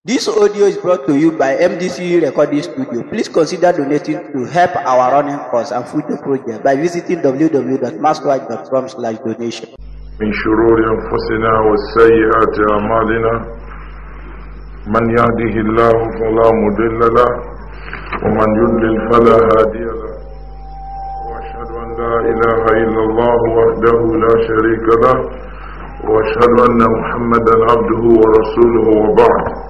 This audio is brought to you by MDCU Recording Studio. Please consider donating to help our running costs and future project by visiting www.maskwatch.com slash donation. من شرور أنفسنا وسيئات أعمالنا من يهده الله فلا مضل له ومن يضلل فلا هادي له وأشهد أن لا إله إلا الله وحده لا شريك له وأشهد أن محمدا عبده ورسوله وبعد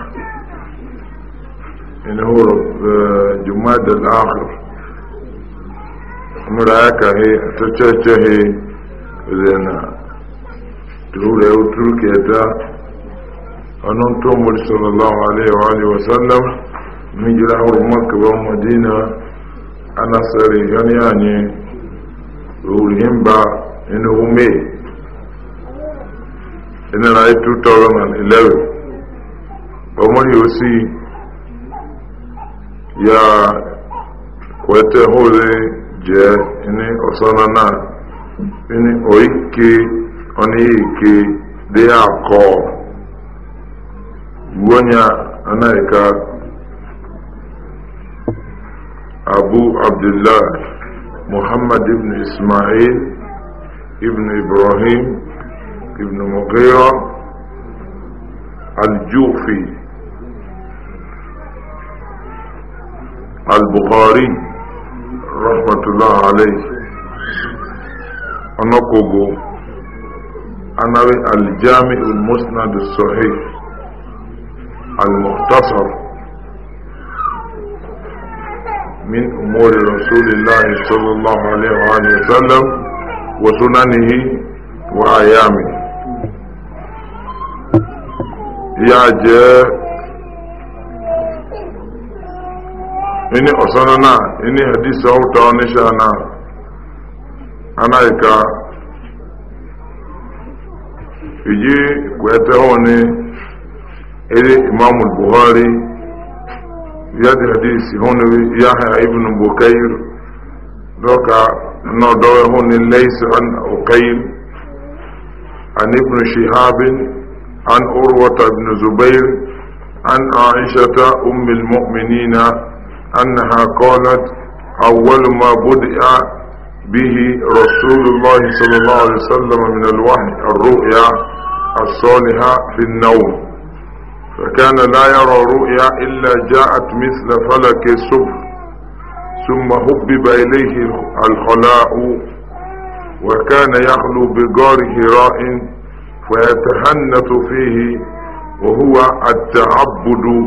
inahoro da al-akhir mura aka he tsacace he zena tura ya turke ta anon tomar sallallahu alaihi wa alihi wasallam min jira horo maka ban madina ana tsari gani anye ruhin ba inahu mai ina na 2011 ba mari yau ya kwete hore je ini osana na ini oike oni ike de akọ wonya anaika abu abdullah muhammad ibn ismail ibn ibrahim ibn mughira al-jufi البخاري رحمة الله عليه أنقبو أنا الجامع المسند الصحيح المختصر من أمور رسول الله صلى الله عليه وآله وسلم وسننه وأيامه يا جاء ini osana na ini hadisi auta onisha na anaika iji kwete honi ili imamu buhari yadi hadisi honi yahya ibn bukair doka no dowe honi laysa an uqayl an ibn shihab an urwata ibn zubair an aisha umm al-mu'minina أنها قالت أول ما بدأ به رسول الله صلى الله عليه وسلم من الوحي الرؤيا الصالحة في النوم فكان لا يرى رؤيا إلا جاءت مثل فلك الصبح ثم هبب إليه الخلاء وكان يخلو بجار هراء فيتهنت فيه وهو التعبد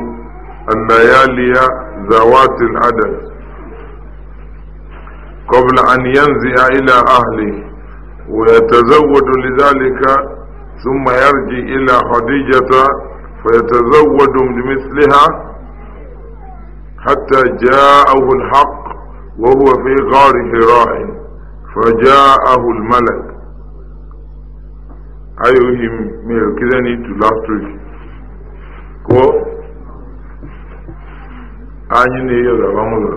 الليالي ذوات العدد قبل أن ينزع إلى أهله ويتزود لذلك ثم يرجع إلى خديجة فيتزود بمثلها حتى جاءه الحق وهو في غار حراء فجاءه الملك أيهم ميركزني to last week anyị na-eyozaba ụzọ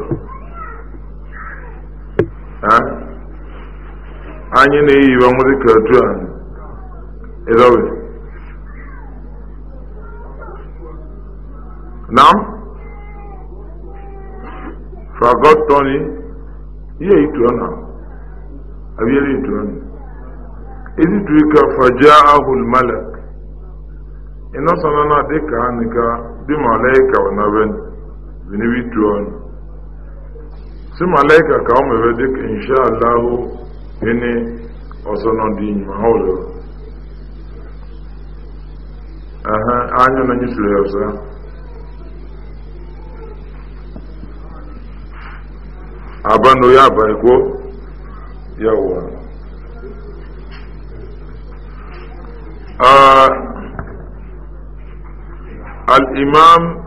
anyị na-eyiwa nwụdị ka otu a ịzọwe na fagọtọni ihe ituo na abịara ituo na ezi tuo ka faja ahul malak ịnọsọ na na dịka nika dị malaika ọ na benu zinibi tuwon si malaika ka ọ ka dịka insha allahu ịnị ọsọ nọ dị ma ha ụlọ anya na anyị ya ọsọ abanu ya abaikwo yawa ah, al-imam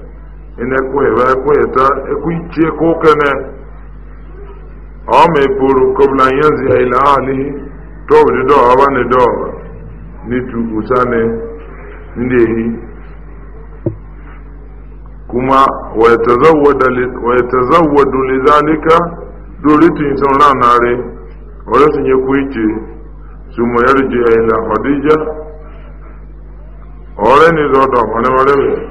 ịna-ekwehebe e ekweheta ekwichie kukene ọ mepụrụ kọbụla ihe zi ya ile ali tọbụdị dọọba banị dọọba n'itu usane ndị ehi kuma wayatazawwadu lidhalika dolitu insan ranare wala sun yi kwice su mu yarje ni zọdọ ọmọlẹwọlẹwẹ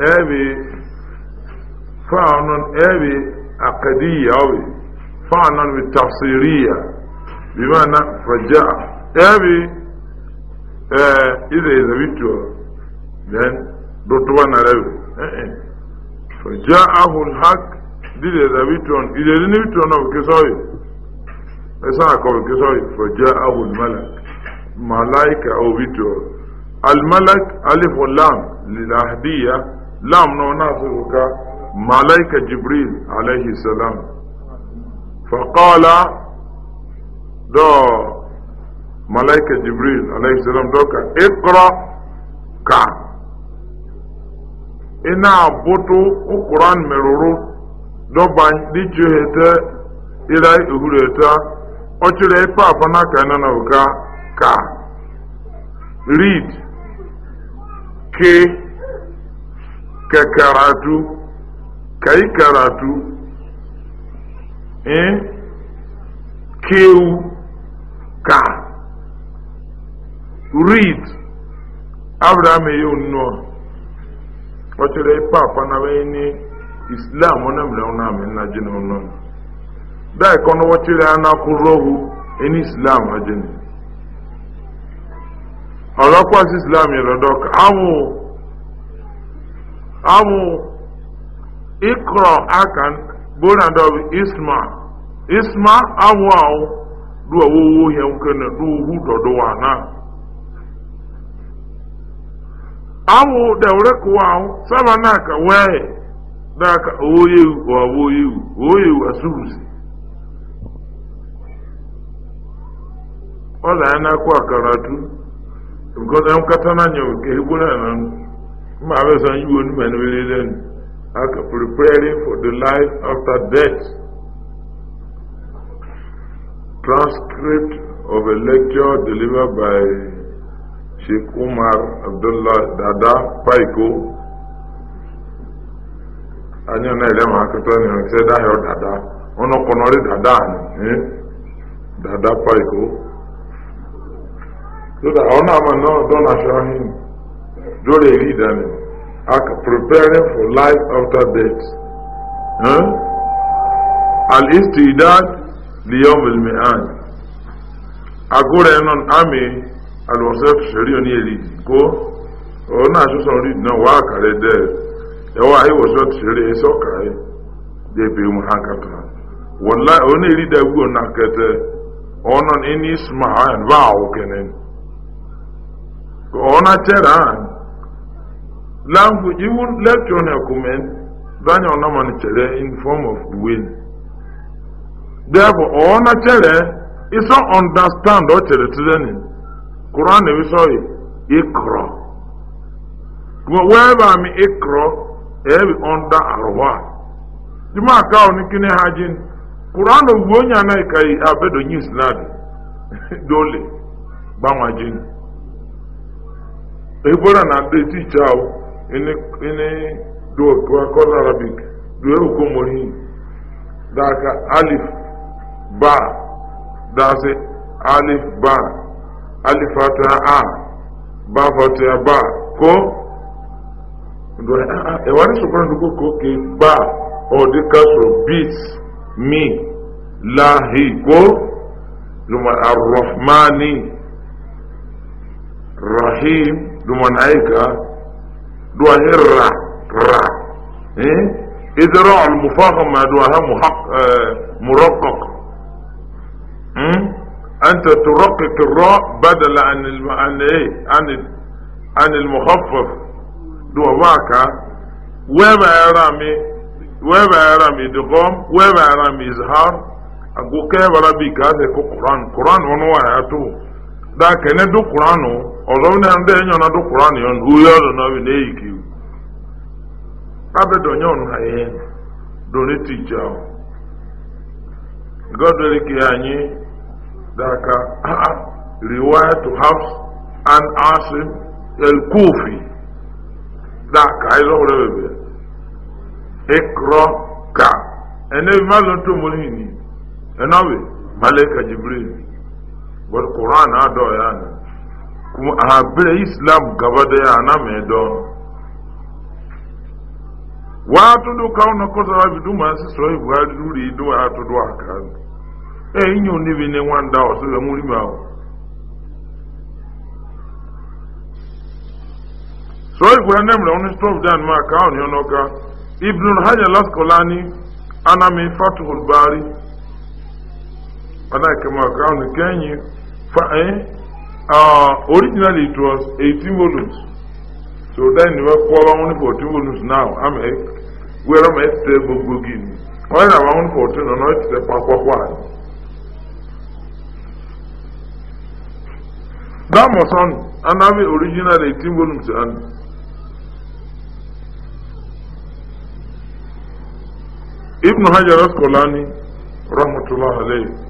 ابي فعن ابي اقدية ابي فعن بالتفسيرية بمعنى فجاء ابي اذا اذا بيتو لان دوتوانا لابي فجاءه الحق دي اذا بيتو اذا اذا بيتو انا بكسوي اسا اكو بكسوي فجاءه الملك ملائكة او بيتو الملك الف واللام للاهدية lam na wani suka malaika jibril alaihi salam faqala do malaika jibril alaihi salam do ka iqra ka ina butu ukuran meruru do ban di chuhete ila ọ ochire ipa afana ka na na uka ka read ke ka karatu ka yi karatu eh kewu ka read abraham yóò ọ ipa àpánáwé ní islam ọ̀nàmìlẹ̀ ọ̀nà àmì ńlájẹ́ ní ọ̀nà dáì kan ní wọ́n tẹ̀lé anákúrọ́hù ní islam ọ̀jẹ̀ islam dọka awu ịkọrọ aka bona of isma isma awu awu do awu he nkene do dọdụwa na. saba na ka wee da oye o oye oye asurusi ọla ya na-akwa karatu na nke Marvelous and you won't manipulate Okay, preparing for the life after death. Transcript of a lecture delivered by Sheikh Umar abdullahi Dada Paiko. Anya na ile ma akụta ni ọ sị dada ọnụ kọnọrị dada anyị eh? dada paiko so that ọ na-ama na ọ dole read him are Preparing for life after death. Al-Istidad liyom al-mi'an. Agora enon ame al-wasaf shari oni elidi. Go. Ona aso son read na wa kare de. Ewa ayi wasaf shari eso kare. De be mu hankata. Wallahi oni elidi agbo na kete. Onon ini smahan va okenen. Ona teran. language even lecture on comment daniel norman chere in form of wind therefore ọ̀nà chere iso understand ọ chere tireni quran na iso ikro wherever am ikro ebi under arụwa juma aka oni kini hajin quran ogbu onye anaghị ka abedo news na dole gbanwajin ebora na ndị ticha ene do otu kola arabic do e da aka alif ba da dasi alif ba alif fata a ba fata ba ko ewari e sopran duko ko ke ba odi kasro bit mi lahi ko luma arrahmani rahim luma naika دوه هرة را إيه؟ إذراع المفاهمة دوا هم حق آه، مرقق إيه؟ أنت ترقق الراء بدل عن الم... عن إيه عن عن المخفف دو واكا وما يرامي وما يرامي دقام وما يرامي إزهار أقول كيف ربي كاذي كقرآن قرآن ونوها يتوه da kene du kuranu ọzọ na ndị enyo na du kuranu yon ya yo do na bi nei ki abedo nyon ha ihe do ni ti jao god will ki anyi da ka riwaya to hafs an asim el kufi da ka izo e wore be ikro ka ene mazo to mulini enawe malaika jibril bɔl kuran adọọ y'a ni kuma a islam gaba da ya na mai na kɔsɔrɔ bi duma si sɔrɔ ibuhari luri do a to do ne bi ne da muri ma o sɔrɔ ibuhari ne mìíràn dan ma ibnu laskolani fatuhul bari ana kama Eh? uh, originally it was 18 volumes. So then we were only 14 volumes now. I'm a where am I stable begin? Why am I only 14 or not? The Papa one. That was on another original 18 volumes and Ibn Hajar kolani asqalani rahmatullah alayhi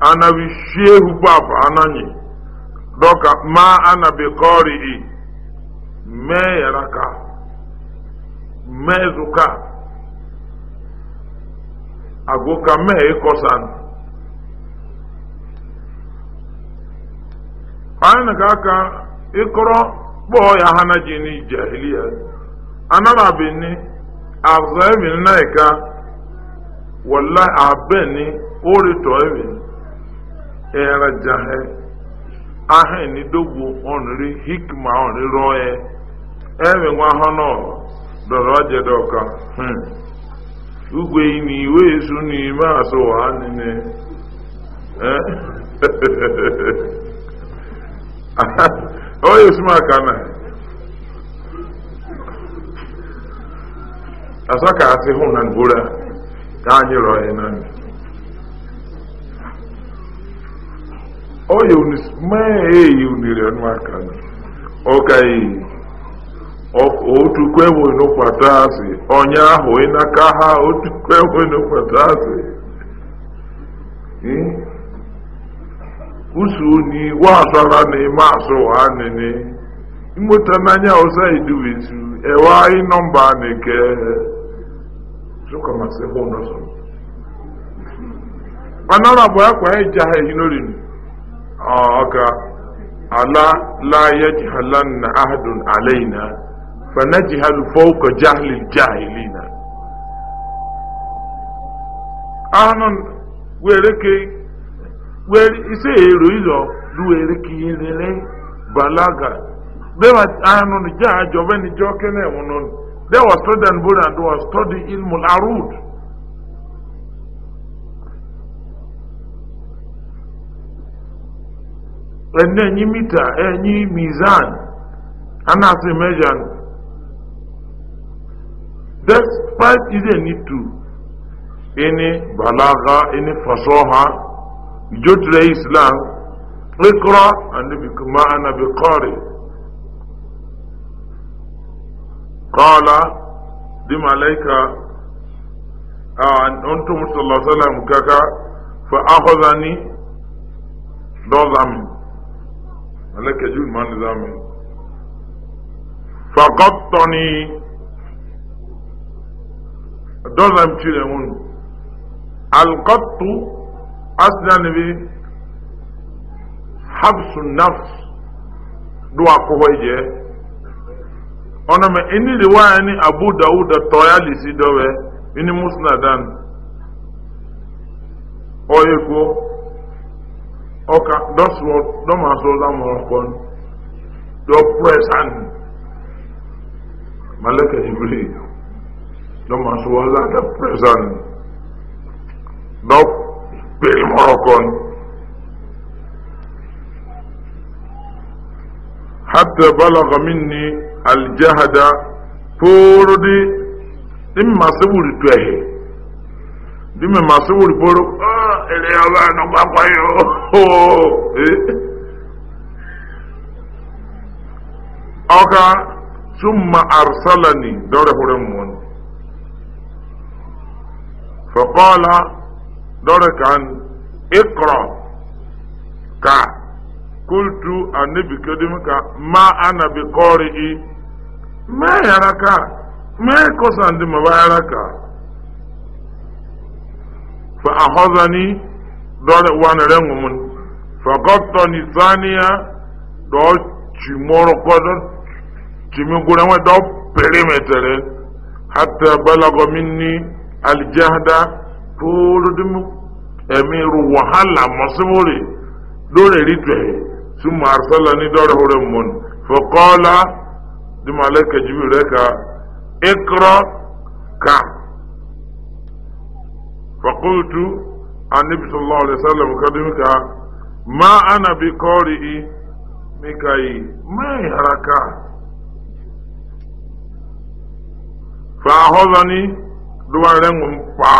anabi shehu bab ananyi ka ma anabi qari'i meyaraka mezuka agoka mee kosan ka kaka ikro bo ya hanaji ni jahiliya anara binni azabin naika wallahi abeni ori to ebi era jahe ahịa n'idogwu ọnụrị hikma ọnụrị rụọ ya ebe nwa ha nọ dọrọ ọjede ọka ugwe na iwe esu n'ime asụ ha nile onye sumaka na asaka asị hụ na ngwura ka anyị rọọ ya na ndụ oyoni meeyi unire onwakana okayi otukwewo n'ụkpata asị onye oh, ahụ ịnaka ha otukwewo n'ụkpata asị usu ni wasara na ime asụ anịnị mmụta n'anya ọsa idubisu ewe anyị nọmba anịke sụkamasị hụ nọsọ manara bụ akwa ịja ha ehinolinu ọka ala la yajhalanna ahadun alaina fanajhalu fawqa jahli aljahilina were wereke weri ise ero izo duwereke yelele balaga dewa anon ja jobe ni jokene wonon dewa student buran dewa study ilmul arud ɛnna ɛnyi mita ɛnyi mizan anaasị mmeja no despite ịdị ɛni tu ɛni balaga ɛni fasɔha ìjọtara islam ikra anabi kuma anabi kɔri kɔɔla di malaika a ɔntum sallallahu alaihi wa sallam kaka fa ahɔzani malaika jibril ma nizamin faqattani dozam cire mun alqattu aslan bi habsu nafs duwa ko hoje ona me ini riwaya ni abu daud toyali si dowe ini musnadan ọka dọsụọ dọmasụ lamụrụ kpọn dọ pres an malaka ibiri dọmasụ ọla dọ pres an dọ pere masu dime masu wulforo ele ya ba na kwakwa yo ọka summa arsalani dọrọ hurin mun fakola dọrọ kan ikra ka kultu annabi kadim ka ma ana bi kori ma yaraka ma kosan di ma ba yaraka فأخذني دار وانا رنغمون فقطني ثانية دار تشمور قدر تشمور قدر دار perimeter حتى بلغ مني الجهد فول دم أمير وحلا مصبولي دور ريتوه ثم أرسلني دار هرمون فقال دم عليك جبريل اقرأ كعب فقلت النبي صلى الله عليه وسلم كدمك ما أنا بقارئ مكاي ما يهرك فأخذني دوارين فا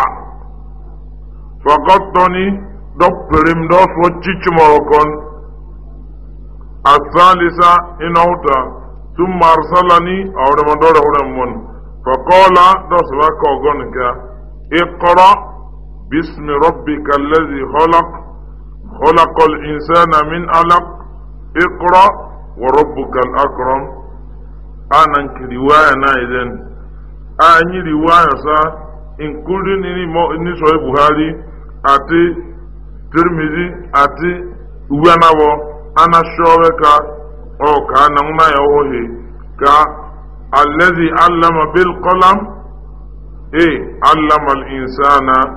فقطني دبرم دوس وجيش مركون الثالثة إن أوتا ثم أرسلني أو رمضان فقال دوس وكوغونك اقرأ باسم ربك الذي خلق خلق الإنسان من ألق اقرأ وربك الأكرم أنا انك رواية نايدن أني رواية سا إن كل إني مو إني أتي ترمزي أتي وانابو أنا شوهكا أو كان هنا يوهي كا الذي علم بالقلم إيه علم الإنسان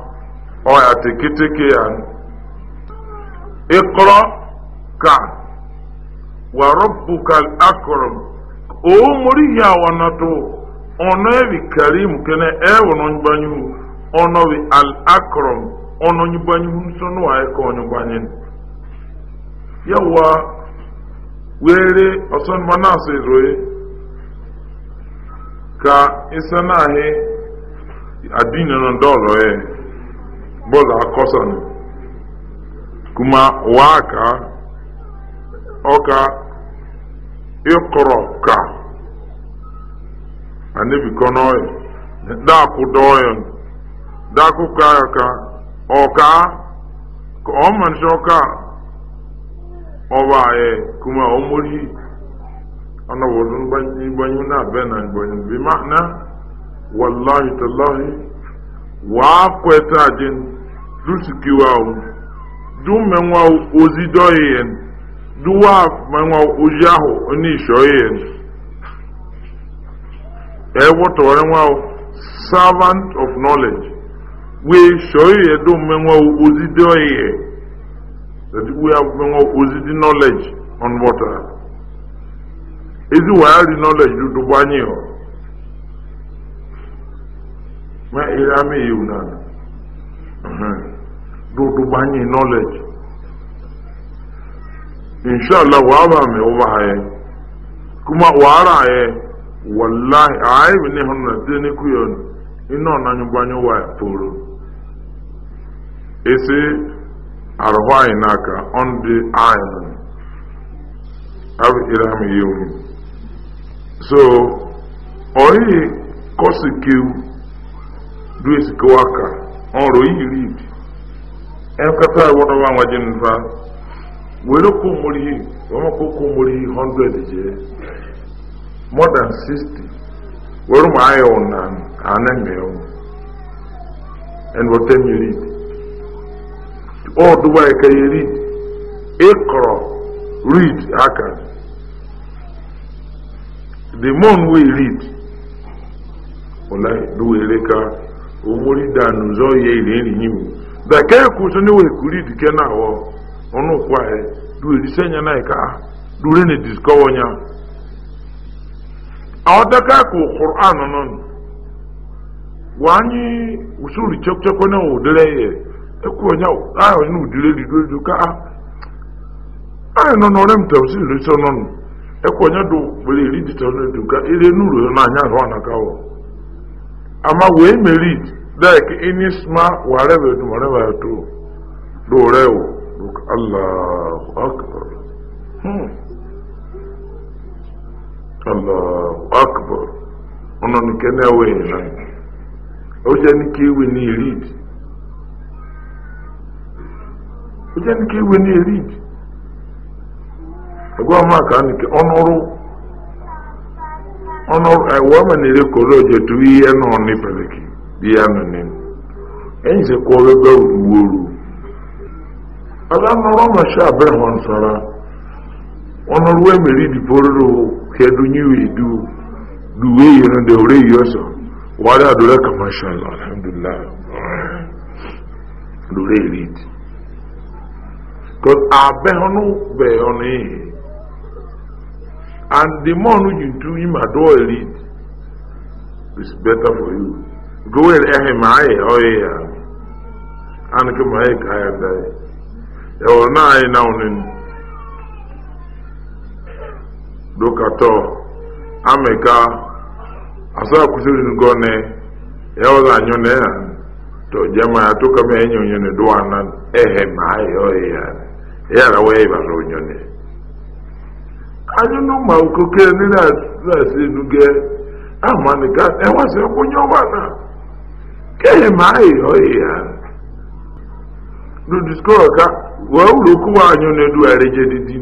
ọya teketeke ya ịkọrọ ka warọpụka akọrọ omori ya wanatụ ọnụ ebi karim kene ewu n'onyigbanyu ọnụ bi al akọrọ ọnụ onyigbanyu nso n'ụwa ịkọ onyigbanyu yawa were ọsọ mmanụ asọ ezoe ka ịsa n'ahị adịnụ n'ọdọ ọzọ ya boza kosan kuma waka oka ikoroka ka, konoy da ku doyon da ku ọka ka oka ko man shoka obaye kuma omuri ana wodun banyi banyu na benan banyu bi ma'ana wallahi tallahi waa kweta jin du sikiwawu du menwawu ozi doyen du wa menwawu ozi ahụ onye ishoyen ewotore nwawu servant of knowledge wee shoye du menwawu ozi doye that we have menwawu ozi knowledge on water ezi wayari knowledge du dubanyi o ma ere ama ewu na dodo gbanye knowledge inshallah wa ba me wa haye kuma wa ara ye wallahi ai bi ne hono de ne ku yon ino na nyu gbanyo wa poro arwa inaka on the so oyi due sikawa aka ọrụ iyiri ibi ekata iwọdọ wa were kó mori wọn hundred more than sixty were mu ayọ ọna anẹ mẹọ ẹn wọtẹ mi ri wa ẹkẹ yẹ ri read aka the moon wey read ọlá omori dànù zọ yẹ ilé o dàkẹ́ ẹ̀kú sọ ní wẹ̀kúrí dìkẹ́ náà wọ ọ̀nà òkú ahẹ́ du èdìsẹ́ yẹn náà ẹ̀ka lórí ní dìsikọ́wọ́ yẹn. àwọn dàkẹ́ ẹ̀kú quran nọ nù wàá nyi usúlù tsẹ́kọ́tsẹ́kọ́ náà wò délẹ̀ yẹ ẹ̀kú ọ̀nyá ayọ̀ nínú ìdílé li dúró dúró ká ayọ̀ nọ nọ ọ̀rẹ́mi tẹ̀wọ́ sí ìrísọ́ nọ nù ama wee merit like inisma warebe dumareba ya tu dorewo duk allahu akbar hmm. allahu akbar ono ni kene we na oje ni kiwi ni read oje ni kiwi ni read agwa ma ka ni ọnụ ewe na-ere koro ihe nọ n'ipeleki di ya nọ n'im enyi sị kwụọ ebe ugboro ọla nọrọ masha abraham nsara ọnụ ruo emeri diporo kedu nyiwe du duwe ore yi ọsọ wari adore alhamdulillah lori eri ti ko abẹ́hónú bẹ̀ẹ́ ọ̀nà yìí And the more you do him adore it, it's better for you. Go and ehem aye oye ya. Ani kama aye kaya ndaye. Ewa na aye na unin. Doka to. Ameka. Asa kusuri ngone. Ewa za nyone ya. To jama ya toka me enyo nyone duwa na ehem aye oye ya. Ewa la wei ba nyone. n'ụmụ ma okoke ndị na-asị enuge amanika enwesị nkwụnye ọwa na e kehe ma anyị ọyị ya wee ụlọ okwu anyị na-edugharị jedidi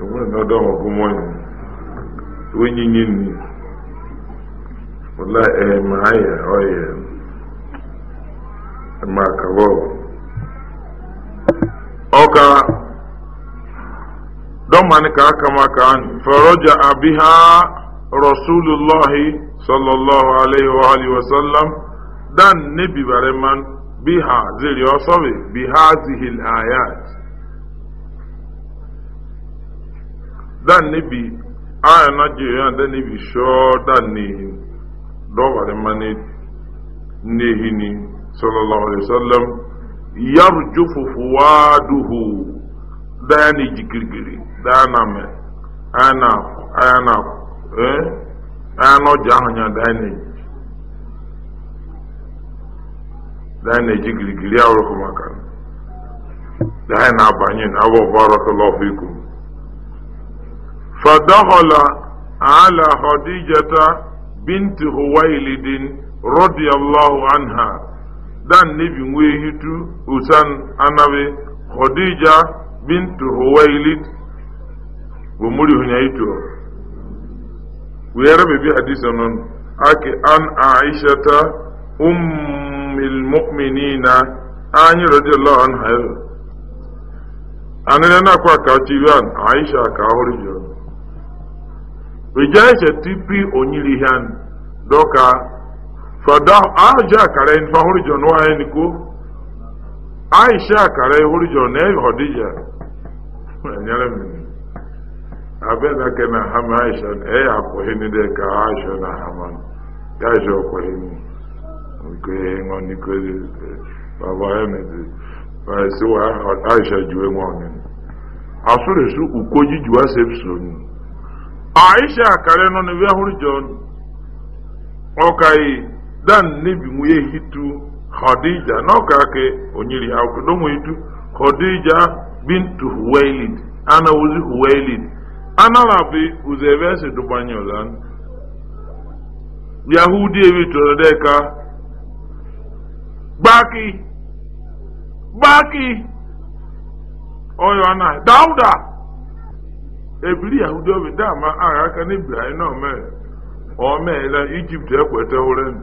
enwere n'ọdọ onye nye nri ọka dọman ka aka maka faraja abiha rasulullahi sallallahu alaihi wa alihi wa sallam dan nabi bareman biha ziri osobe bihazihi ayat dan bi aya na jiya dan nabi sho dan ne do bareman ne ni sallallahu alaihi wa sallam yaruju fufuwaa duhu daanị jigirigiri daanị ame ayị na ayị na ee eh, ayị na ọ dị ahụ na daanị. daanị a jigirigiri ya ọrụsụ maka na daanị na-aba nyi na-aba ọbụ arụsị ọrụsị lọọ hụ iku. fadahola ala ọdịdịjà binti hụ wayelịdịn rọdịalọgụ anha. dan nibi nwee hitu usan anabi khadija bintu huwailid bo muri hunya hito wiyar bi hadisa non ake an aishata ummil mu'minina anyi radiyallahu anha anile na kwa katiwan aisha ka horijo wijaisha tipi onyilihan doka fadah aja kare in fahuri jon wa en ko aisha kare huri jon ne hodija nyale mi ke na hama aisha e ako hini de ka aisha na hama ya jo ko hini ko ngo ni ko baba ene de ba si wa aisha juwe ngo ni asure su ukoji juwa sepso ni aisha kare no ne huri jon okay dan nebi nwunye hitu khadija n'ọka ake onyiri ha okodo nwe hitu khadija bintu huwailid ana ozi huwailid analabi uzebe e si dubanye ọzan yahudi ebi tụrụ deka gbaki gbaki ọyọ ana dauda ebiri yahudi obi dama agha aka n'ibrahim na ome ọmela ijipt ekweta ụrenu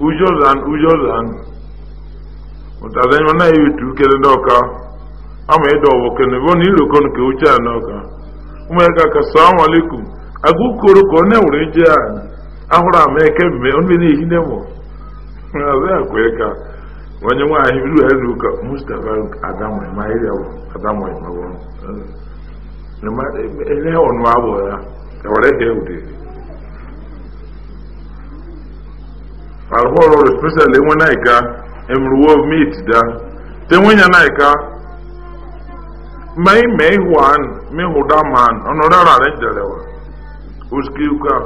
ujozan ujozan mutazanyi na iwe tu kele ndoka ama edo owo kene bo ni lo kon ke ucha noka umwe ka ka salamu alaikum agu koro ko ne ure je an ahura na ke me on bi ka ma ma ya alcohol or especially enwe naika emruwo meat da tenwenya naika mai mai huan mi huda man onora rare jalewa uski uka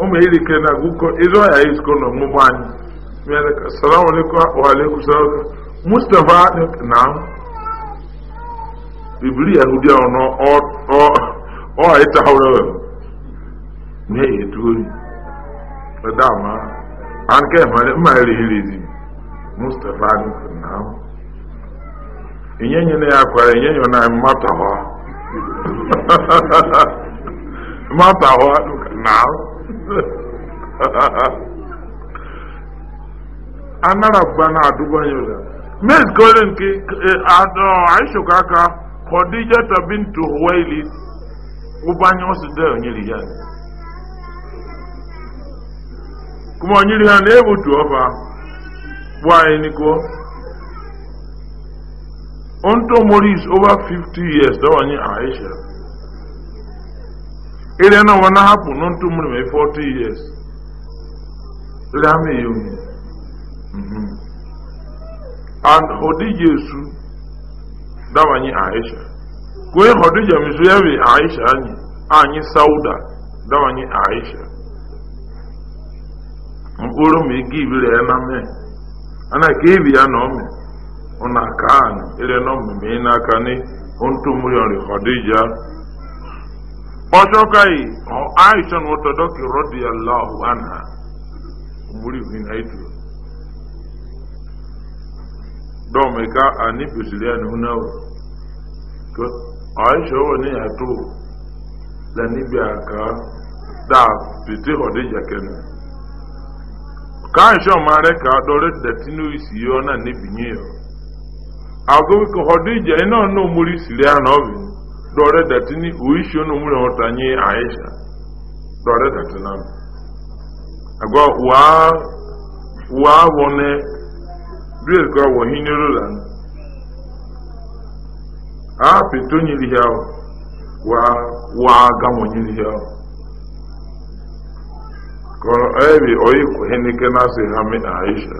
umu na kena guko izo ya isko no mubani mere salamu alaikum wa alaikum na ọ ọ dama an kai mali ma rihiri mustafa ni kunna inyenye ne ya kwara inyenye na mata hwa mata ha na anara gbana aduban yau da miss golden ki eh, uh, aisha kaka khadija ta bintu ubanyo su da onye kuma nyiri ha na-egbutu ọba bụ anyị niko onto moris over 50 years dawanye aisha ire na wana hapụ n'onto mori mai 40 years ire ama eyi onye mm-hmm. and hodija esu dawanye aisha kwee hodija misu ya bi aisha anyị anyị sauda dawanye aisha mkpụrụ ma ike ibiri ya na mee ana ka ibi ya na ome ụna aka anyị ire na ọmụmụ ị n'aka ni ontu mmiri ọrị ka ị ọ aisha na ụtọ dọkị rọdiyallahu anha mmiri ihu na itu dọmịka anyị kwesịrị ya na hụ na aisha ọwụ na ya too lanibi aka da pete khadija kenan kansho mare ka dore da tinu isi yo na ne binyo ago ko hodije ina no muri sire ana obi dore da tini uisho no muri otanye aisha dore da tinam ago wa wa wone bil ko wo hiniro lan a pitoni lihao waa wa ga mo nyilihao kọrọ ẹbi oyi henike nasi hami aisha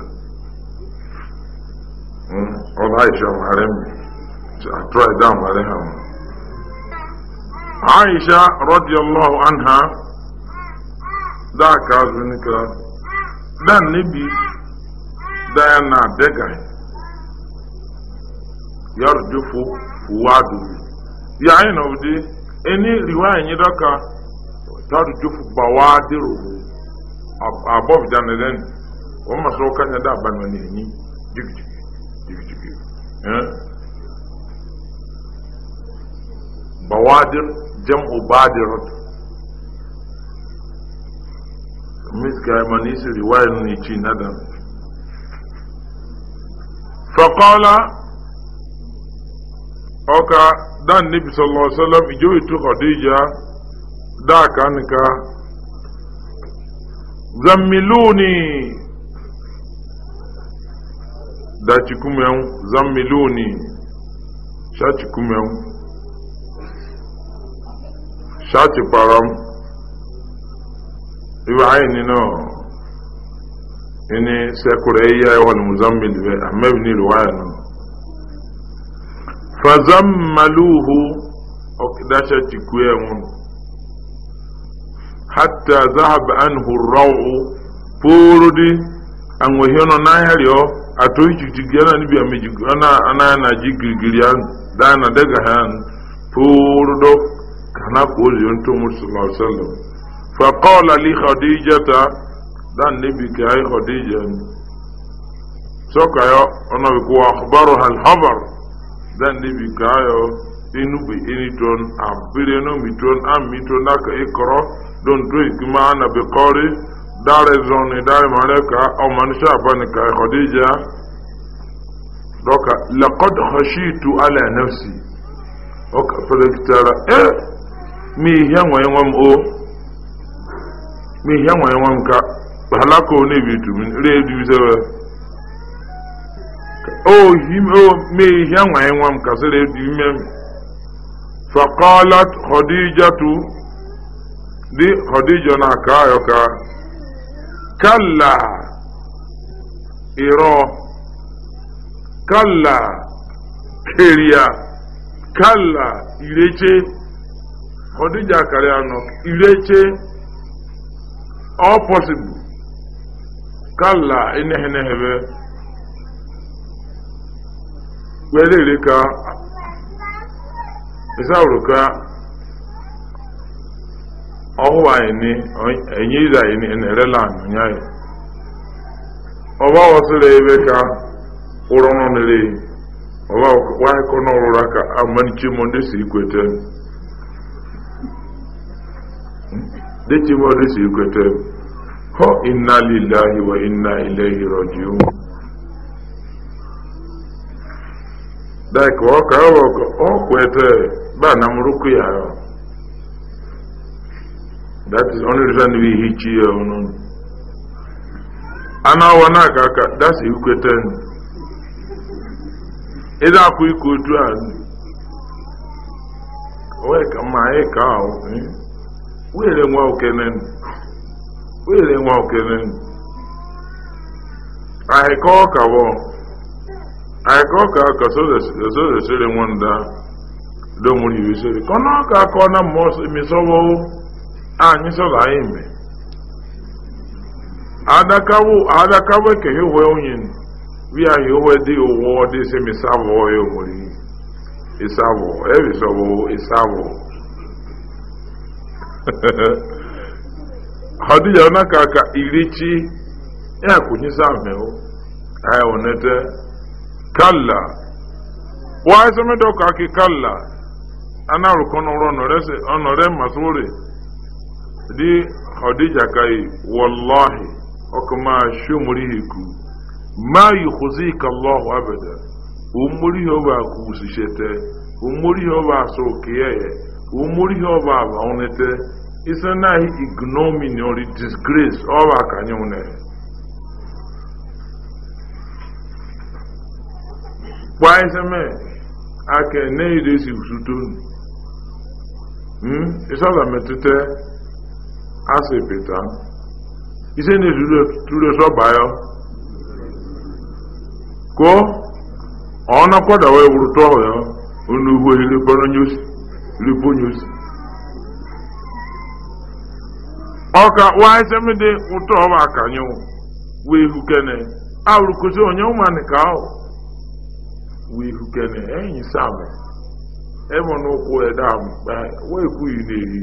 ọba hmm? aisha mare mi atọ ẹda mare ha mu aisha radiyallahu anha da aka azụ nikra dan nibi daya na dega yarjufu fuwadu ya ayi na ụdị eni riwa anyị dọka tarjufu bawadiruhu abɔbida ne dɛn wɔn ma sɔrɔ kanya da aba na n'enyi jigijigi jigijigi ɛn bawadir jam'u badirot miska isi riwaya nu ni ci na dan fakola ɔka dan nabi sallallahu alaihi wasallam ijo itu khadija da kanika zammiluni da cikin yau zammiluni sha cikin yau sha ci faram iwa aini na ini sekurayya wal muzammil bi ahmad ibn riwaya na fazammaluhu okidasha cikin yau hatta zahab anhu rawu porodi anwehiono nayario ato ichichigana nibia mejigu ana ana na jigirigirian dana daga han porodo kana kozi onto musallallahu alaihi wasallam fa qala li khadijata dan nabi kai khadija soka yo ono bi ko akhbaru hal khabar dan nabi kayo inubi initon abire no miton am naka aka ikro don't drink ikima na be kori dare zoni dare maleka o manisha bani ka khadija doka laqad khashitu ala nafsi ọka ka fere kitara e mi hiyan wa o mi ihe wa yanwam ka halako ne bitu min re sewa o him o mi hiyan wa yanwam ka sere du mem di khadija na kayo ka kalla iro kalla keria kalla ireche khadija kare ano ireche all possible kalla inehenehebe wele ka isa uruka ọhụwa ini enyi anyị ini na-erela anyụnya ya ọba ọsịrị ebe ka ụrụ nọ nere ọba ọkwa ịkọ n'ọrụrụ aka amanichi mụ ndị si ikwete dịchi mụ ndị si inna inna dịka ọ ka ọ kwete ba na ya that is only reason we hit you oh, no ana wana kaka that's equator ida ku ku tu an eh? we ka ma e ka o we nwa o kenen we le nwa o kenen ai ko ka wo ai ko so de so de se le wonda do muri wi se na ka ko na mo anyị sọrọ anyị eme adakawo adakawo onye bia hewe dị ụwọ dị sị m ịsabọ ya onwere ịsabọ ebe sọbọ ịsabọ ọdịja ọ naka ka irichi ya kụnyisa ahụ anyị onete kalla wa ịsọmịdọ ọkụ akị kalla ana rukọ n'ụlọ ọnọrọ masori dị khadija kai wallahi ọkụma shomurihiku ma yukhuzika allahu abada umurihi oba kuusishete umurihi oba asokeye umurihi oba abaunete isa nahi ignominy or disgrace oba kanyone kwaiseme ake ne idesi usutonu hmm? isaba metete asị pịta ise na-ezuru ọ ko ọna kwada wee wuru tọọ ya o ugbo ile kpọrọ nyosi ripo nyosi ọka waa isemide ụtọ ọba akanyewu wee hukene awuru kusi onye ụmanị ka ahụ wee hukene enyi sam ebe n'ụkwụ ya daa mkpa wee kwughị n'ehi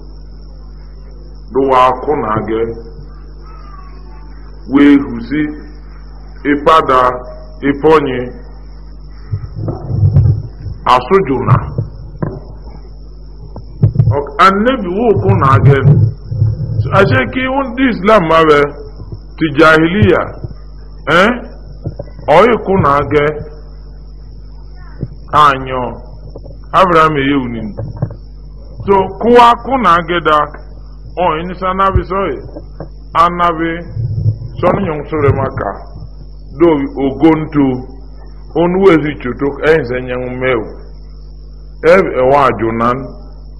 dụwa akụ na gị wee husi ịpada ịpọnyi asụjuna annabi wuku na gị ashe ki ndị islam ma bụ tijahiliya eh ọyịkụ na gị anyọ abraham eyewu nini so kụwa akụ na gị daa on ini sa nabi soy anabi son nyong sore maka do ogontu on wezi chutuk ense nyang mew ev ewa junan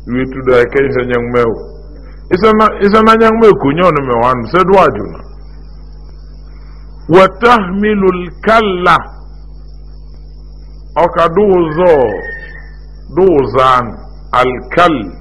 witu da ke ense nyang mew isana isana nyang mew kunyon mewan sedwa junan وتحمل الكلة أو كدوزو دوزان الكل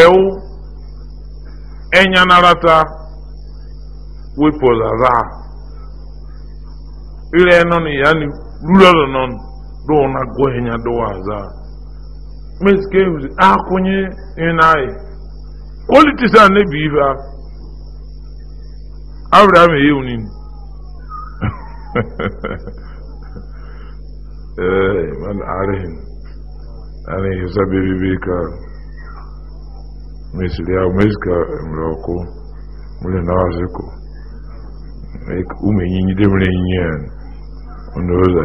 ewu enyanarata wepụtara ire nọ na ya ni rurọrọ nọ dụọ na gụọ enya dụwa aza mesike ewuzi akwụnye ịnaghị kwalitis a na-ebi ife a awụrụ ama eyi unin ee mana arịghị arịghị sabibi ka Misli ya umezika mre ọkụ mre na azụkọ umenyi nyide mre nye n'ụzọ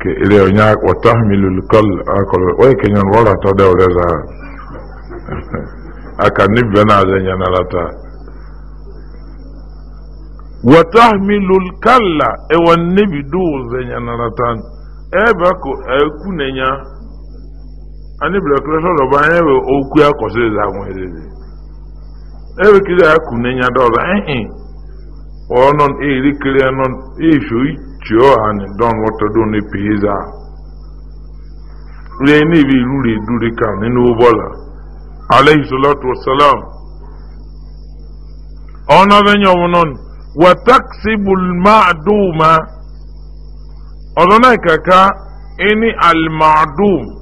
ke ile onye watahmilu lkal akọlọ oye kenyan wọla tọ da ọrịa za aka nibbe na azụ nya na lata watahmilu lkalla ewa nibi du zenye na lata ebe na ekunenya anyị bụrụ ekelecha ọlọba anyị bụ okwu akọsị ezi anwụrịrị ewekiri ya kụ n'enya dọla ehi ọnụ erikiri ọnụ isho ichi ọha ni dọn wọtọdọ na piza rie n'ibi ruri duri ka nínú bọla alayhi salatu wasalam ọnụ abẹnyẹ ọmọnọ wa taksibu ma'duma ọdọ náà kàkà ẹni al ma'dum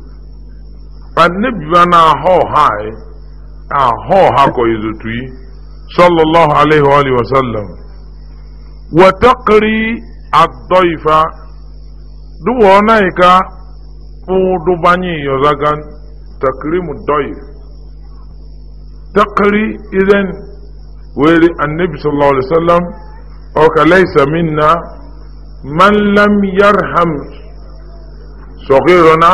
النبي أنا هو هاي هو هاكو يزوتوي صلى الله عليه وآله وسلم وتقري الضيفة دو هنائك ودو باني يزاقان تكريم الضيف تقري إذن ويري النبي صلى الله عليه وسلم أوك ليس منا من لم يرحم صغيرنا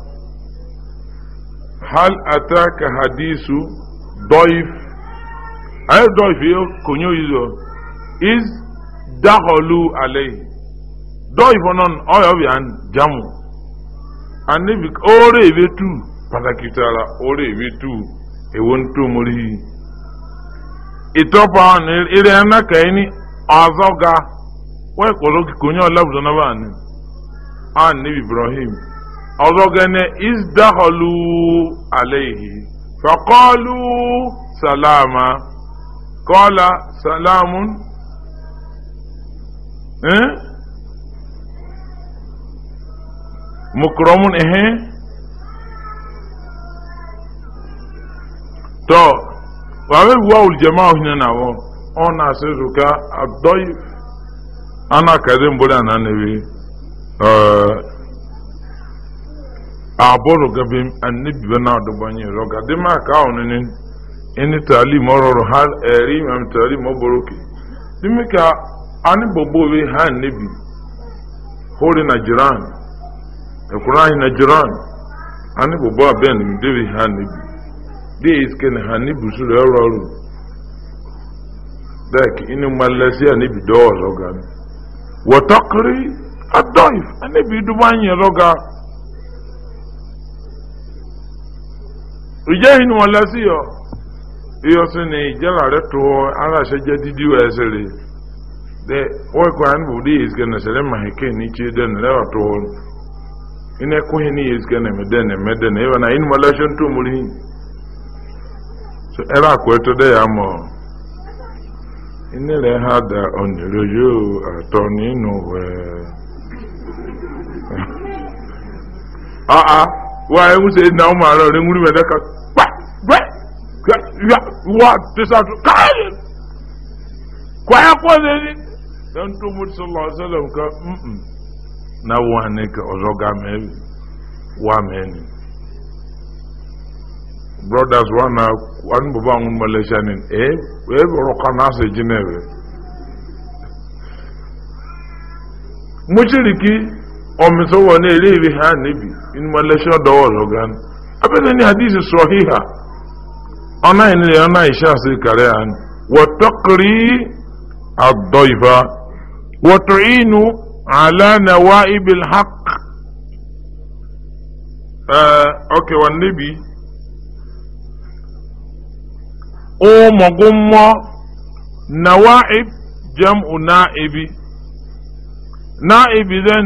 hal ataka hadisu doif ayi doif yi konyo ọ zo is daholu alei doif onon oyo bi an jamu and if ore ebe tu pataki tara ore ebe tu ewo nto mori ito pa ni ka ini ọzọ ga kwọrọ kikonyo labudanaba ni an ni ibrahim ọzọgẹnẹ isdahọlu salama salamun eh? mukromun ehe aboro gabim annabi bana da banye roga de ma ka onene eni talim ororo hal eri am talim oboroke dimika ani bobo we ha annabi hore na jiran e na jiran ani bobo aben mi de we ha annabi de iske na ha annabi suru ororo dak ini malasi annabi do roga wa taqri ad-daif annabi dubanye roga ìjẹ́ inú wọn lẹ́sí yọ iyọ̀ sí ni ìjẹ́là rẹ̀ tó aláṣẹ jẹ́ dídí ọ̀ ẹsẹ̀ rẹ̀ dẹ wọ́n kọ́ àánú dé ìsìkẹ́nà sẹ́lẹ̀ máa kéè ní tí dẹ́nu lẹ́wà tó wọn iná ẹkọ́ yẹn ní ìsìkẹ́nà mẹ́dẹ́nà mẹ́dẹ́nà ẹ̀wọ̀n náà inú wọn lẹ́sẹ̀ tó múrí ẹ̀rọ àkọ́ ẹ̀tọ́ dẹ́ yà mọ́ iná rẹ̀ ha da ọ̀nìrò yóò àtọ̀ nínú wẹ̀ ọ́ why mu say na umar ra rin wuri da ka kwa ba ya wa ta sa to kai ko ya kwa ne dan to mu sallallahu alaihi wasallam ka mm na wa ne ka ozo ga me wa me ni brothers one wan bu ba ngun malaysia ni eh we ro kana se jinewe mujiriki ọmọsọwọ náà eléyìí ha níbi inú malaysia dọwọ lọgán abẹ́rẹ́ ní hadith sọ̀híhà ọ̀nà ìnílẹ̀ ọ̀nà ìṣẹ́ àṣẹ kàrẹ́ à ń wọ́tọ́kiri àdọ́ ìfà wọ́tọ́ inú àlànàwá ibil haq ọkẹ́ wọn níbi ó mọ̀gún mọ́ nàwá ib jẹ́m ù náà ibi náà ibi then.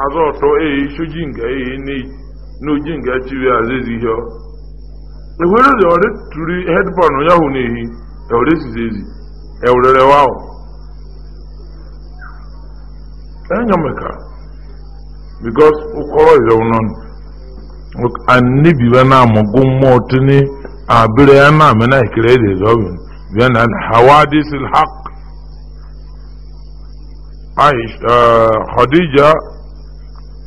azụ ọtọ eyi soji nga eyi nei n'oji nga chiri azụ ezighi ewere ụzọ ọrị tụrụ hedbọn ya hụ n'ehi ewere ezizi ezi ewurere wa ahụ enyo meka bikos ụkọrọ ihe ụnọn annibiba na amụgụ mmụọ tini abịrị ya na amị na ekele ede zọbin bịa na hawadis haq Aisha, eh, Khadija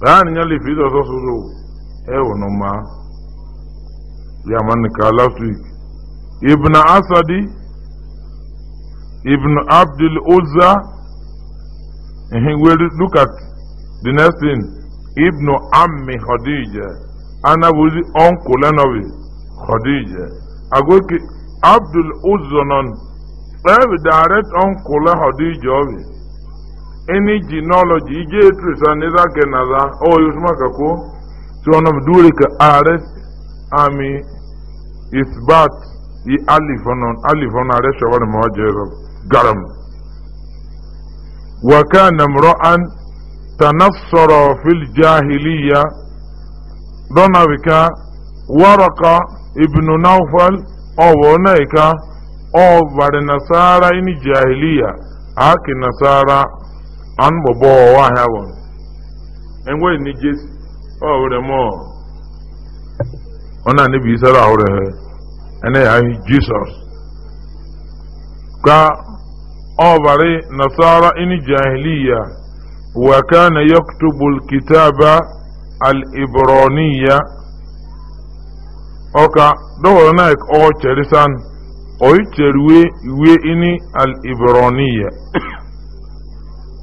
dani nyali fido so so e wono ma ya last week ibn asadi ibn abdul uzza and look at the next thing ibn ammi khadija ana wuzi uncle anawi khadija agoki abdul direct any genealogy ije etresa neza kenaza o yusma kako so ono dure ka ares ami isbat i alif onon alif on ares shawar ma jero garam wa kana mra'an tanassara fil jahiliya dona bika warqa ibn nawfal o wona ika o bare nasara ini jahiliya aki nasara an bobo wa ha won en wo ni jesu o ọ na ona ni bi sara wore ene ya jesus ka ọ bari nasara in jahiliya wa kana al alkitaba ọ ka dowore na chere cherisan ọ icheruwe iwe ini alibraniya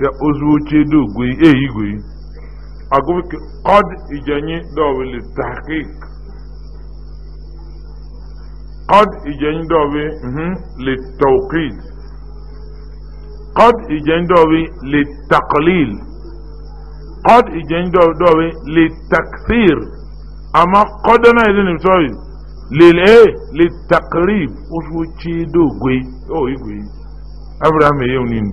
ka ozu oche dị ogwe ehigwe agụbike kọd ijenyi dọwịlị tahkik kọd ijenyi dọwị mhm, le tawkid kọd ijenyi dọwị le taklil ijenye ijenyi dọwị le taksir ama kọdọ náà ẹdín nìyí sọrọ le eh, ozu oche dị ogwe ọ igwe abraham eyewu nínú.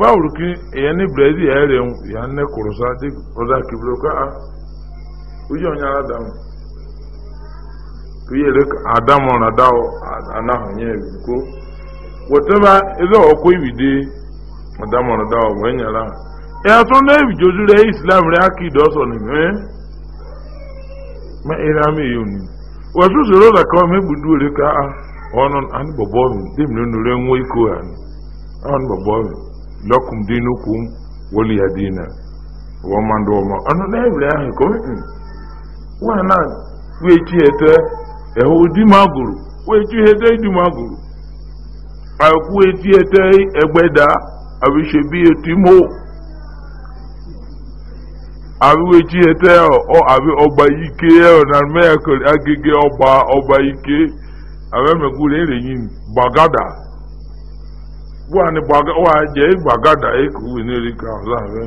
báwo kí èyàn ní bìrẹ́dì ẹ̀rẹ̀ ń ìyá ní kòròsá dé ọ̀dà kìbìrò ká ojú ọ̀nyá àdáhùn oye rẹ̀ àdámọ̀ àdáwọ̀ ànáhùn yẹn ìbí a wọ́tẹ́bá ilé ọ̀kọ́ ìbìdé àdámọ̀ àdáwọ̀ wọ́n yẹn rà ẹ̀yà tó ní ìjọ́jú rẹ̀ islam rẹ̀ ákì ìdọ́sọ̀ nìyẹn mẹ́ ẹ̀rẹ́ lakum dinukum wali hadina wa man do ma anu na ibra ha ko wa na we chi ete e ho di maguru we chi ete di maguru a ku e chi ete egbeda abi se bi etimo abi we chi ete e e o abi ogba ike o na me ko agege ogba ogba ike awe me gure yin bagada bwana bwaga waje bwagada eku ineri ka zabe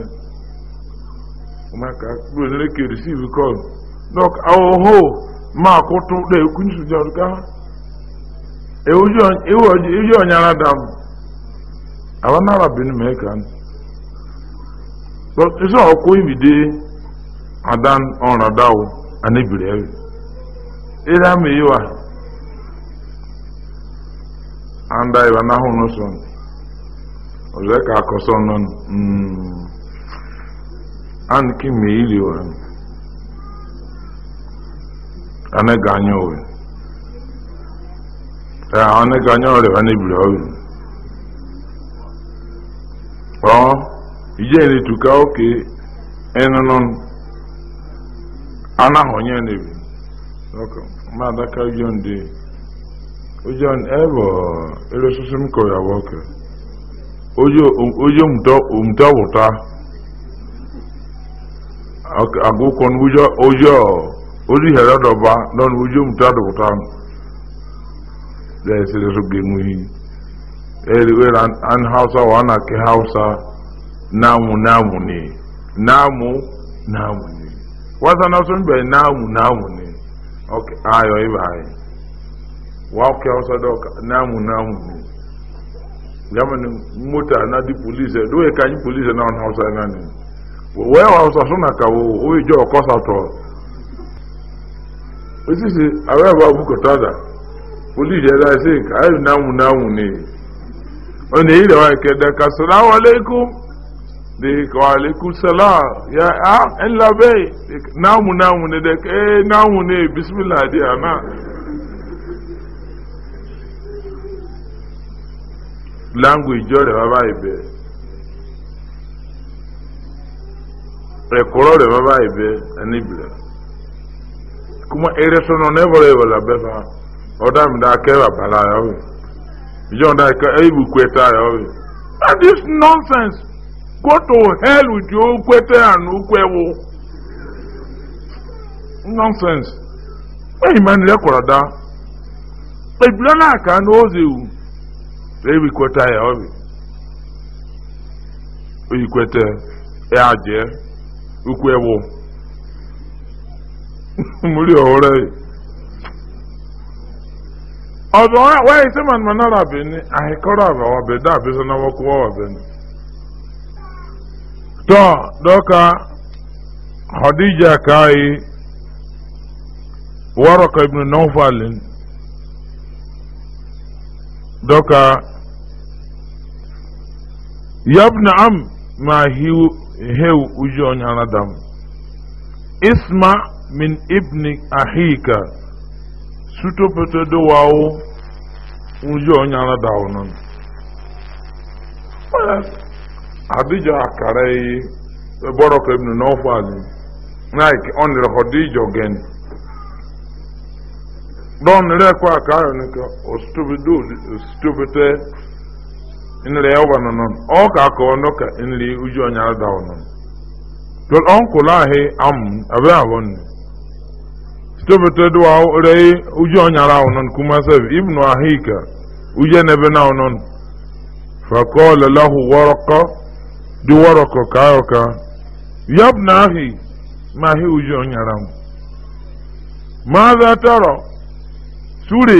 maka bwana ke receive call nok aho ma ko to de kun su jarka e ujo e ujo e ujo nyara dam awana rabin me kan so so ko ibide adan ọrụ on radawo anibire ira me yiwa anda iwa n'ahụ n'ụsọ. ọ̀zọ́ ka akọ̀sọ́ nọ anìkí mèyílì wà anẹ́gà anya ọrịa ẹ̀ anẹ́gà ọrịa ọ̀rẹ́ wà ọrịa ọ̀rẹ́ ọrịa ìjẹ́ ìrìn tùkà òkè ẹnu nọ anáhọ̀nyẹ́ n'ebì ọkọ̀ máa dákà ojú ọ̀ndé ojú ojo mto wuta agụkọn ujo ojo ozi hera dọba nọ nọn ujo mto um, dọbuta da esi da su gemuhi eri wera an hausa wa ana ke hausa namu namu ne namu namu ne wasa na sun bai namu namu ne ok ayo ibe ayi wa ke hausa dọka namu namu ne gamani mota na di polisi do e kanyi polisi na on hausa na ni wo we hausa so na ka wo o jo ko sa to o ti se awe ba bu ko tada polisi da se ka ai na mu na mu ni o ne ile wa ke da ka salamu alaikum de ka wa alaikum salam ya a en la be na mu na mu ne de ke na mu ne bismillah di ana language ọrẹ bàbá ibẹ ẹkọrọ bàbá ibẹ ẹni kuma sọnà n'ẹbọrọ wẹ ìjọ wẹ nonsense go to hell with your kwẹtẹ and nonsense dá náà kà ní ó ebikweta ya obi oyikwete ya jee ukwu ewu muri ọhụrụ ya ọdụ wee ise man manara bini ahịkọrọ abụ ọbụ da abịsọ na wakwụwa ọbụ tọ dọka hadija kai waraka ibn nawfalin dọka yabna am ma hiu heu ujo nyana isma min ibni ahika suto peto do wawo ujo nyana dawo non abija akarai e borok ibn nawfal like on the hodijo gen don rekwa kayo nika o stupid dude eh, nri ewa nọ nọ ọ ka akọ ndọ ka nri uju ọnyara da nọ. tol ọnkụl ahị am abe abọ nne stopete dụwa rei uju ọnyara ọnọ kuma sef ibnu ahika uje nebe na ọnọ fakọọla lahu wọrọkọ dị wọrọkọ ka ọka yab na ahị ma ahị uju ọnyara m ma tọrọ sure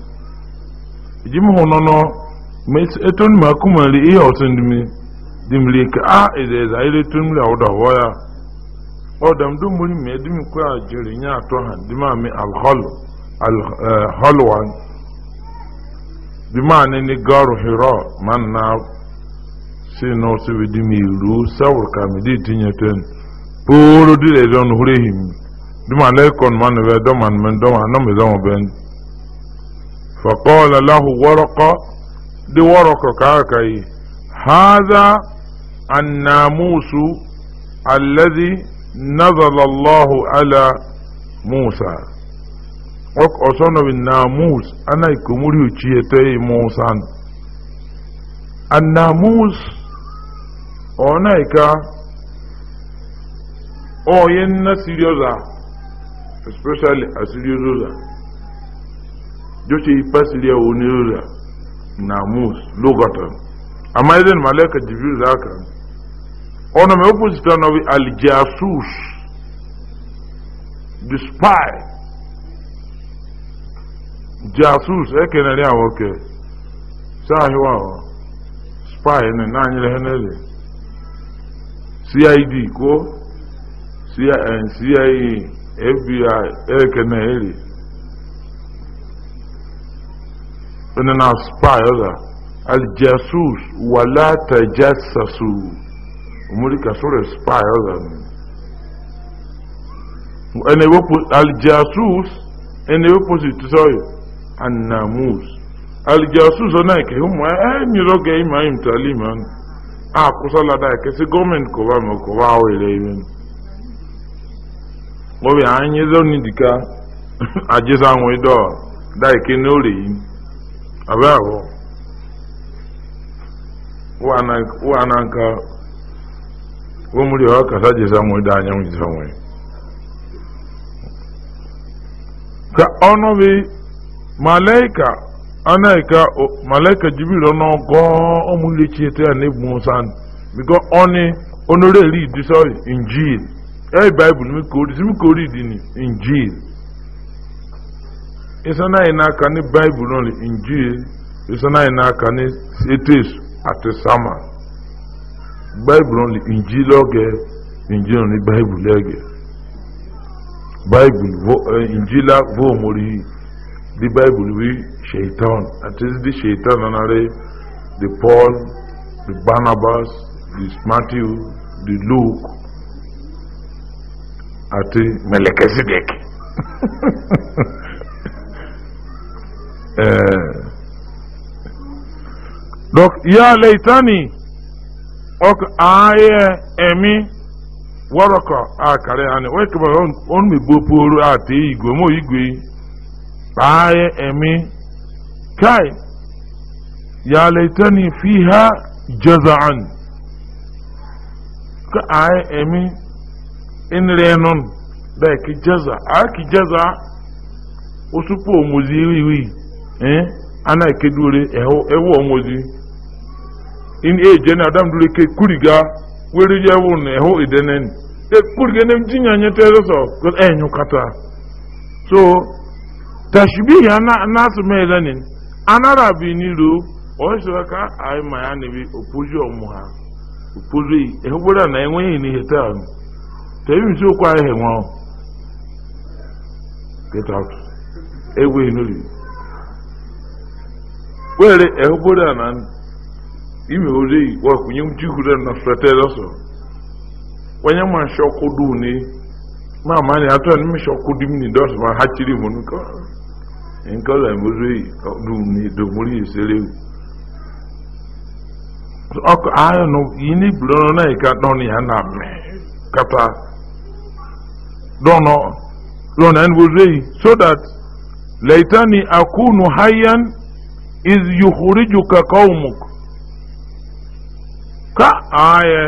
iji m hụ nọ nọ ma eto ndị e akụ ma nri ihe ọtụ ndị mi dị m rie ka a eze eze anyị reto mmiri awụda hụọ ya O m dum mmiri ma edim kwe a jiri nya atọ ha dị m amị alhọlụ alhọlụwan e, dị m anị ni gọrụ hịrọ ma na si na ọsọ bi dị m iru sawụrụ ka m dị itinye ten pooro dị ezi ọnụ hụrụ ehi m dị m alekọn ma nọ ebe dọma nọ ebe dọma nọ ebe dọma bụ فقال له ورقة دي ورقة كاكاي هذا الناموس الذي نزل الله على موسى اوك اصنو بالناموس انا يكمريو تشيتي موسى الناموس انا يكا او ين سيريوزا especially as you joci fasiliya wani rura namus lugatan amma idan malaika jibril za ka ono me opposite no bi the spy jasus e na ri awon spy cid ko cia cia fbi e ɛna na spy ɔda aljasus wala tajassasu ɔmɔdi ka spy ɔda no ɛna ewo po aljasus ɛna ewo po si ti sɔrɔ anamus aljasus ma ntali ma a kusa lada yi kɛse gɔmɛnti kɔba ma anyi zɔn ni dika da ke abawo wana nka womuri wa kasa je anya mu samu ka ono bi malaika anaika malaika jibril ono go omuri chete ani musan ọnị, onore injil injil ịsa naanị n'aka ni baịbụl nọ n'injil ịsa naanị n'aka ni etes ati sama baịbụl nọ n'injil oge injil nọ n'baịbụl oge baịbụl vo vo eh, omori di baịbụl wi shaitan ati di shaitan nọ narị di paul di barnabas di matthew di luke ati melekizedek donc ya leitani ok aye emi waroko akare ani we ke on on mi boporu ati igwe mo igwe aye emi kai ya leitani fiha jaza'an ka aye emi in renon da ki jaza aki jaza usupo muziri wi ee eh? ana ekedure ewu omozi in eje na adam dure ke kuriga were je ewu na ehu idenen de kuriga nem jinya nye tezo so ko enyu eh, kata so tashbih ana nasu mezanin anara bi ni ru o so ka ai ma ya ne bi opuju omu ha opuju ehu bora na enwe ni heta tebi so kwa ehe won get out ewe inuri were ehobore a na ime ori wa kunye mjihura na fratere so wanye ma shoku du ni ma ma ni ato ni shoku di ni dos ma hachiri mo nko nko la muri du ni do muri sele ọkọ ayọ nọ yìí bùrọ̀ náà yìí ká dán ní yàn na mẹ́ kata dọ́nà lọ́nà ẹni wọ́n rẹ̀ so that lẹ́tà ni àkúnù hayan iz yukhrijuka qaumuk ka aye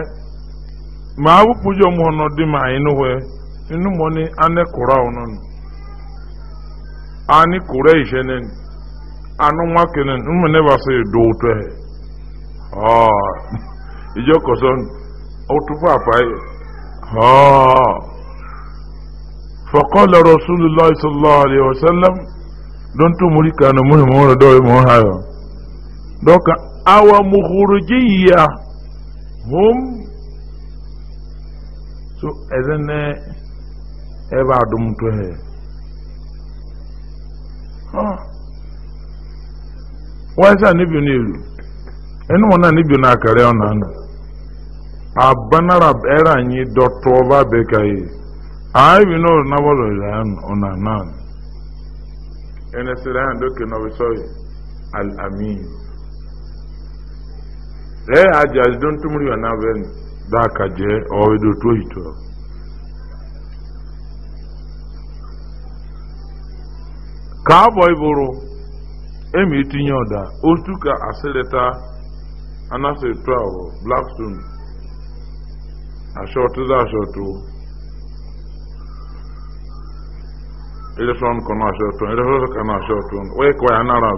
ma bu pujo mu hono di ma inu we inu mo ni ane kura onon ani kura ishenen anu wa kenen mu ne ba se do to he ah ijo ko son o tu fa fa ha فقال رسول الله صلى الله عليه وسلم don tu muri ka no muri mo do mo hayo doka awa mukhurujiyya hum so ezen uh, eba dum to he ha wa sa ni bi ni ru enu mo na ni bi na kare ona na abanara era anyi dotoba bekai ai bi no na wolo ran ona na ene silahan doke no bisoy al amin don tumuri wa naben da ka je do ka buru emi tinye oda otuka asileta anase 12 blackstone ashotu za ele sɔn kɔnɔ aṣọ tún ele sɔn kɔnɔ kɔ ya nara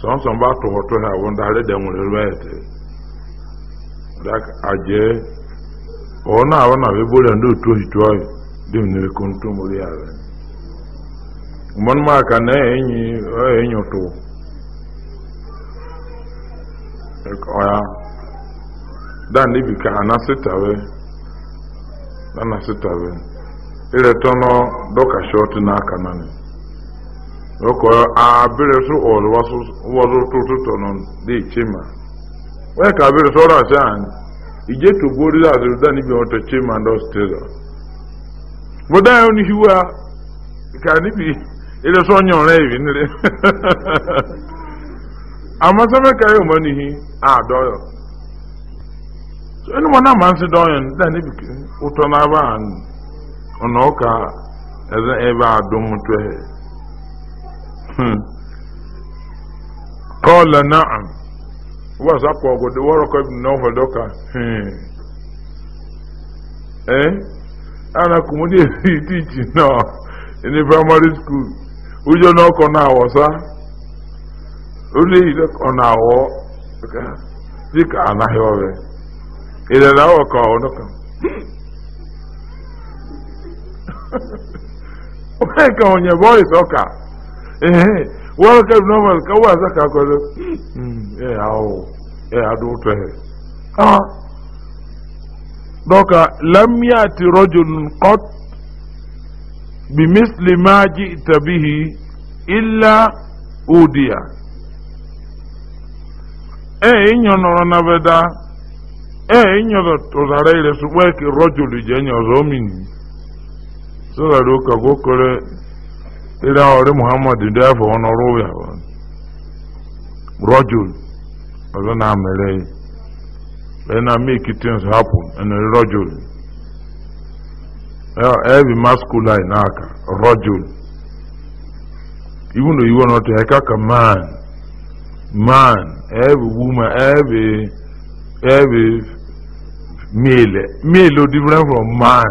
sɔn sɔn b'a tɔgɔ tɔ ya wọn da ale dɛmu le tɛ dak na na bɛ bolo yan n'o yi ya rɛ mɔni maa ka nyi ɔ nyɔ ɔya dan ne bi ana se ta bɛ ana se iretɔnɔ dɔka shɔti n'aka nani dɔkɔ abiri so ɔlu wɔso tutu tɔnɔ de kyema ka abiri so ɔra sɛ an ije to gbórí láti rí dání bí wọ́n tẹ chairman dọ́ stẹ́lá mo dá hiwa ìka níbi ilé sọ́nyọ̀ rẹ̀ ìrì nílé àmọ́ sẹ́mẹ́ka yóò mọ́ níhi àdọ́yọ̀ ẹni wọn náà máa ń sí dọ́yọ̀ nígbà níbi òtọ́ ọ̀nà ọkà ẹ̀dá ẹ̀bá àdómútọ́ ẹ̀ hmm. kọ́ọ̀lá náà wọ́n sápọ̀ ọ̀gọ̀dẹ̀ wọ́rọ̀kọ́ ibi na fọ̀ dọ́kà ẹ̀ ana kòmódé èsì tíìtì náà ní primary school ojú ọ̀nà ọkọ̀ náà wọ̀ sá orí ọ̀nà àwọ̀ díkà ànáhẹ́ ọ̀rẹ́ ìrẹ̀lẹ̀ ọ kọ̀ ọ̀dọ́kà. Hmm. onye ka onye bụ ọrịsa ee wọ́n kẹ́ bí normal ká wọ́n àṣà kàkọ́ lọ ẹ yà ó ẹ yà ti rọ́jò nǹkan bí Ee máa jí tàbí hi ilá òdìyà. ẹ ìyàn nọ̀rọ̀ so that ụka bụ okere ịrị ọrị muhammad ndị afọ ọ nọrọ ya rọjul ọzọ na mere ya na make things happen and rọjul every masculine n'aka rọjul even though you were not a ka man man every woman every every male male o different from man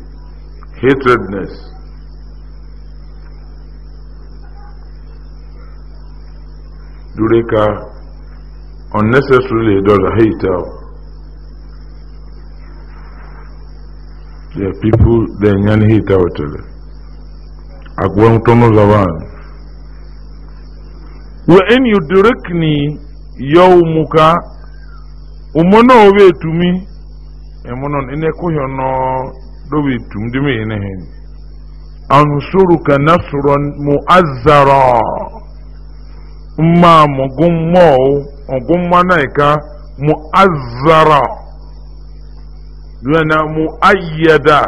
hatredness. Dureka unnecessarily does a hate out. There are people they nyan hate out. Agwantono Zavan. When you direct me yaumuka umono we to me and one on any dobi tum dimi ene hen ansuruka nasran muazzara umma mugummo ogumma naika muazzara yana muayyada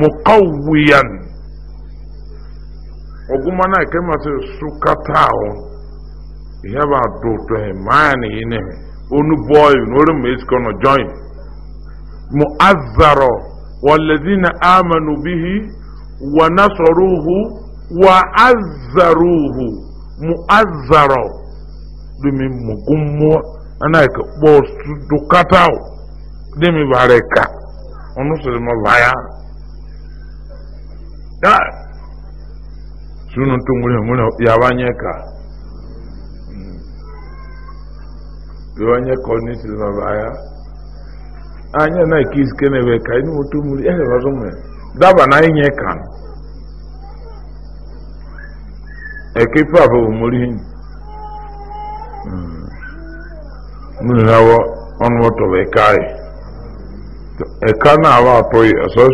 muqawiyan ogumma naika masu sukatawo ihaba dodo he ya na onu boy no rem is gonna join mu'azzara والذين آمنوا به ونصروه وعزروه مؤذرا دمي مقمو أنا كبوس دكاتاو دمي باركا ونصر مضايا دا sunun tun mulin mulin yabanye ka yabanye ka wani tilma baya anya na kis kene we kai no to muri e ba zo me da ba na yin kan e ke pa bo muri hmm mun rawo on moto we kai na wa to yi aso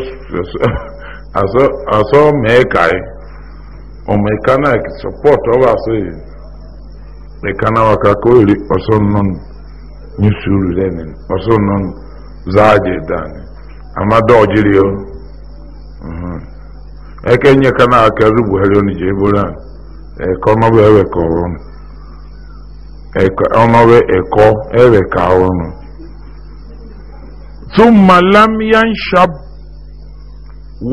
aso aso me kai o na support o ba so yi me na wa ka ko ri oso non ni suru lenen oso non zaaje dani amma dojiri yo eke mhm. nye kana akaru buhari oni je bura eko ma be we ko won eko ona we eko ewe ka won thumma lam yanshab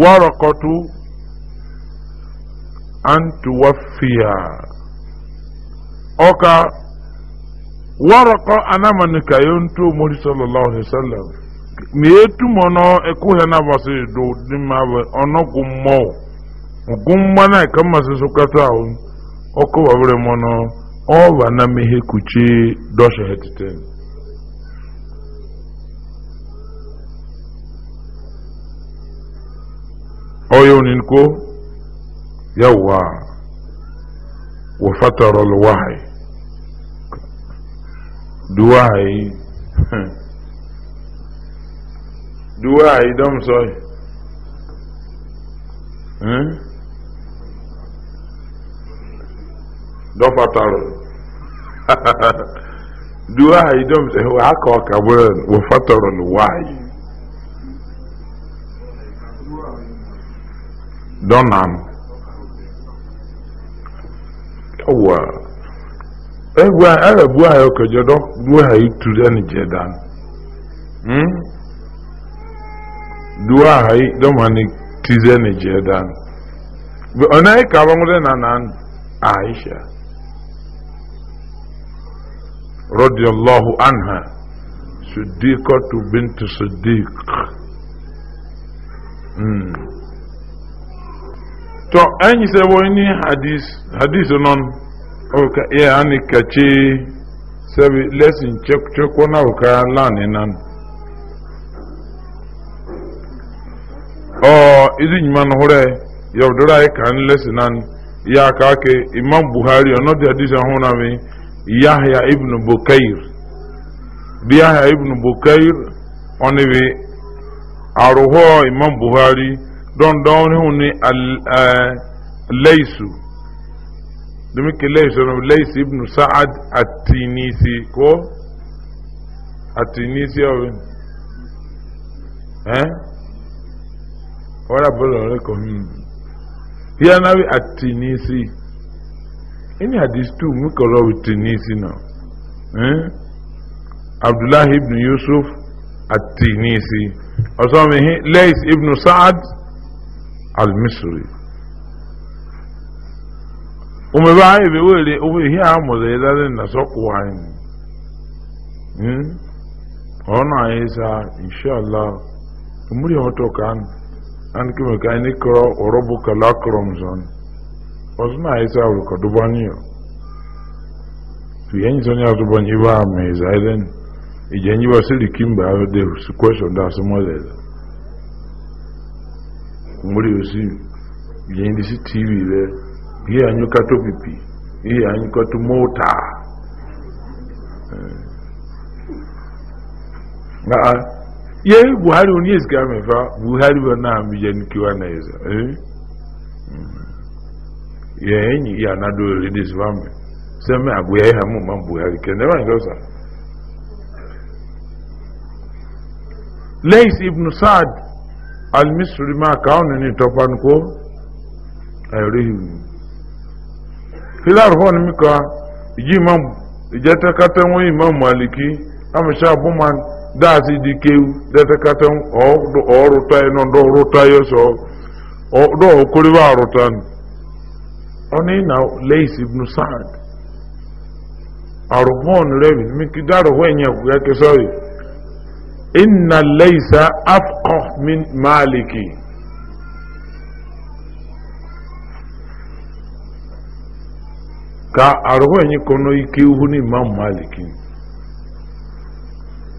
waraqatu an tuwaffiha oka waraqa anama nikayon tu muri sallallahu alaihi wasallam meetumɔ nɔ ekuhɛ nabɔsi do dima bɛ ɔnɔ gummɔ gumma na kama soso kata o ɔkɔ wabere mɔ nɔ ɔba na mehe kutse dɔsɛ hɛ tete. ɔyɛ onin yawa lɔ duwa hmm? yi don soy dofataro duwa yi don soy wa aka ọka eh, wurin wafataro luwayi eh, donan yawwa ẹgbẹ́ ẹrẹ̀ buwa yọ kẹjọ dọ́ duwa yi tu ẹni eh, jẹ dan. Hmm? dua hai do mani tize ni jedan bi onai e ka ba ngure nanan aisha radiyallahu anha siddiqatu bint siddiq mm to anyi se wo ni hadis hadis non o ka e ani kachi sabi lesson chek na wona o ka lanin nan ọ izi nyima e, ya hore anyị ka na ya aka aka imam buhari ono da hadisi ho na mi yahya ibn bukair bi yahya ibn bukair oni bi aruho imam buhari don don ni huni al alaisu. E, dumi ke laysu no ibn sa'ad Atinisi. tinisi ko at wala bolore community here na we at tinisi ini hadis tu mu koro we tinisi na eh abdullah ibn yusuf at tinisi also me lays ibn sa'ad al misri ume ba ibe wele ume hi amode dale na sokwa ni hmm eh? ona isa e inshallah umuri hotokan an kuma ka ni kro orobu kala kromzon osna isa e ul ko dubanyo tu yen zonya dubanyo ba me i then wa sili kimba de su question da so mole muri osi ijenyi disi tv le bi anyu ka pipi i anyu ka to ye buhari wani iska mai fa buhari ba na amijan kiwa na isa eh ya mm. yanyi iya na dole ladies ba mai sai mai abu ya yi ma man buhari ke ne ban gausa lais ibn sa'ad al-misri ma kawo ni tofan ko a yare hilar hon mika ji man ijatakatan wani man maliki amịcha abụman daasị dikewu detekata ọrụtaị nọ ndị ọrụtaị ọsọ ọdọ okoriwa arụtan ọnị na leis ibn saad arụhọn rebi mikida arụhọ enye ya kesọrị inna leisa afqah min maliki ka arụhọ enye kono ike ihu imam maliki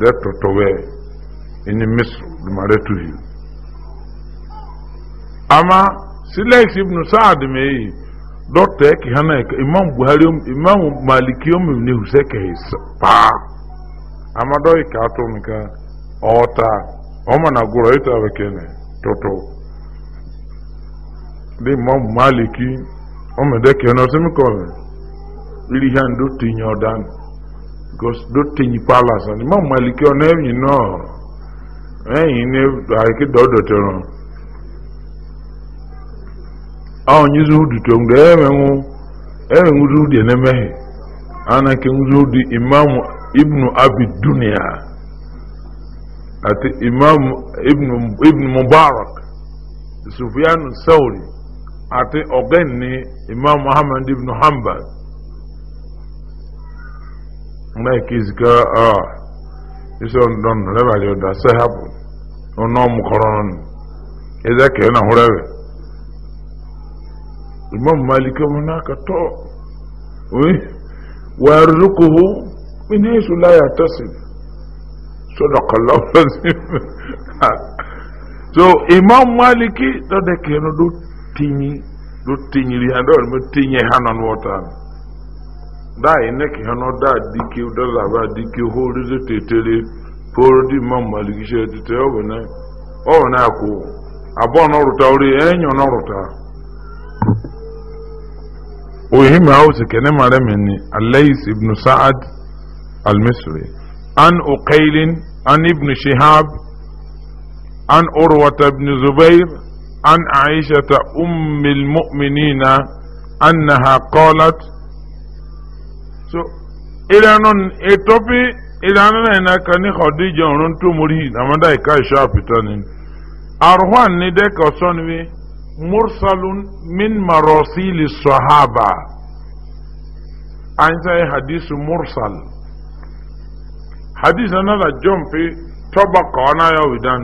retotowe ini misr duma retuhi ama silas ibnu saad meyi dɔkta eki hana eka imam buhari om imam maliki om ne huse kehi paa ama dɔ eka ato mi ka ɔta ɔma na gura eta abe kene toto de imam maliki ɔma de kene ɔse mi kɔmi ili hɛn do ti nyɔ dan because don't think palace and mom maliki on na you know eh in like do do to no on you do do to ngwe enwu enwu do de na mehe ana ke nzu di imam ibn abi dunya ati imam ibn ibn mubarak sufyan sauri ati ogen imam ahmad ibn hanbal mgbe ka izika a iso ndon lebali da sai hapu ono mu koron eza ke na hurebe imam malik mun oh, ka to wi warzuquhu min haythu la yatasib sadaqa allah ha so imam maliki to de no do tinyi do tinyi ri tinyi dai neki hano da dike da laba dike hori da tetere poro di man maliki she tete obo na obo na ko abo na ruta ori enyo na ruta o yi ma hausa kene mare mini alais ibn sa'ad al-misri an uqailin an ibn shihab an urwata ibn zubair an aisha ta ummil mu'minina annaha qalat so ilanon etopi ilanon na kani khadija orun to muri namada ika isha pitani arwan ni de ko sonwi mursalun min marasil sahaba an sai hadisu mursal hadis na la jompi tobaka na ya widan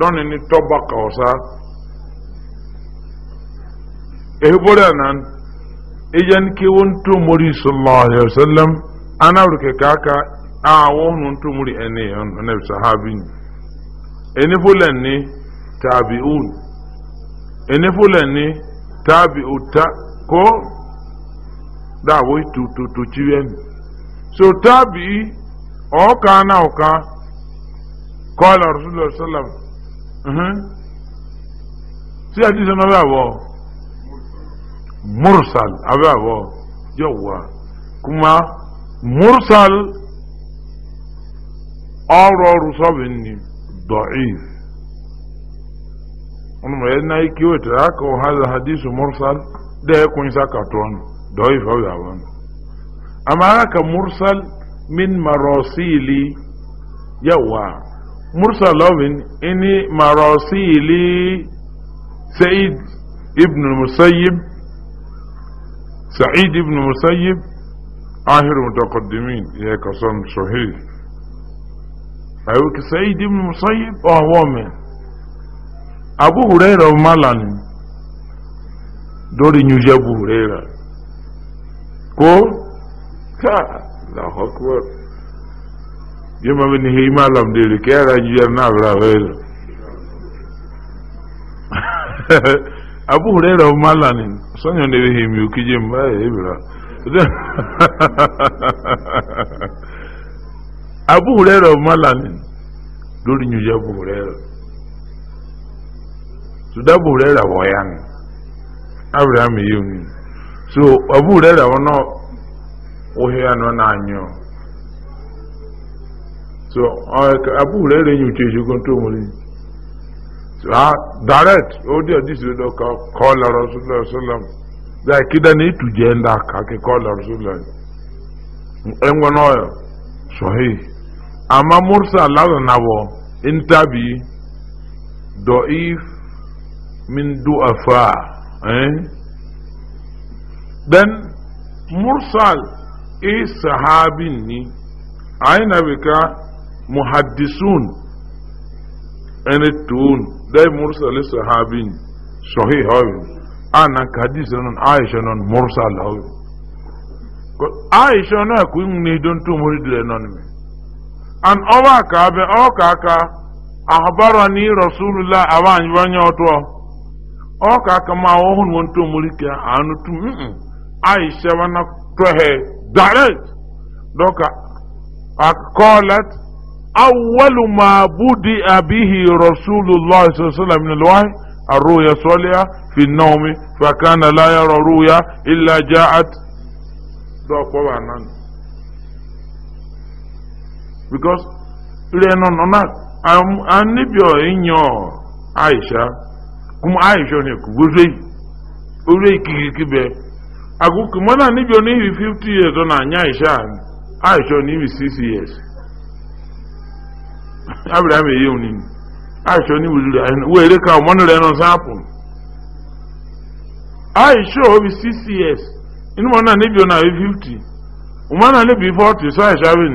don ni tobaka osa ehibore nan ijan kiwon tumuri sallallahu alaihi wasallam ana ruke kaka a wonun tumuri ene yon na sahabin ene fulan ni tabi'un ene fulan ni tabi'u ta ko da wai tu tu tu chiwen so tabi o ka na o ka qala rasulullah sallallahu alaihi wasallam mhm si ati sanaba mursal ababo yawwa kuma mursal ọrọ rusọbin ni da'if wani mai na yi kiwo ta haka wa hada hadisu mursal da ya kun sa katon da'if ababo amma haka mursal min marosili yawwa mursalobin ini marosili sa'id ibn musayyib سعيد بن مسيب آخر متقدمين يا كسان صحيح أيوك سعيد بن مسيب وهو من أبو هريرة ومالان دوري نيوجي أبو هريرة كو كا لا أكبر يما من هي مالام ديري كيرا نيوجي نابرا غير abu hurera of malanin sanyo ne wehe mi ukije mbaya ebira abu hurera of malanin lórí nyuja abu hurera ha abu hurera wọ̀ya ni abraham yi so abu hurera wọn náà wọ́n hẹ́ àná náà nyọ so abu hurera yìí ò tẹ̀ ṣe Ah, direct odi oh, hadisi do ka qala rasulullah sallam da kida ni tuje nda ka ke qala rasulullah engo noyo sahih ama mursa lawo nawo intabi if min duafa eh then mursal is e sahabin ni aina bika muhaddisun ene tuun dai mursal sahabin sahih hawi ana hadis non aisha non mursal hawi ko aisha na ku ni don to mori dile non me an owa ka be o ka ka ahbarani rasulullah awan wanyo to o ka ka ma o hun won to mori ke anu tu mm aisha wana to he direct doka akolat أول ما بدأ به رسول الله صلى الله عليه وسلم من الوحي الرؤيا الصالحة في النوم فكان لا يرى رؤيا إلا جاءت because lẹ́nu nọ́nà anábìọ̀ ìyàn àìsà kún àìsà ni kò gbóso orí ìkìkìkì bẹ àgùkù mọ́nà níbi oníhìí fifty years ọ̀nà àyàn àìsà àìsà oníhìí years. abraham èyí òní aisha oníwèlú rẹ àyìn ka ọmọ rẹ aisha obi C.C.S. years inú mọ náà níbi ọ̀nà fifty ọmọ náà níbi forty so aisha wẹ̀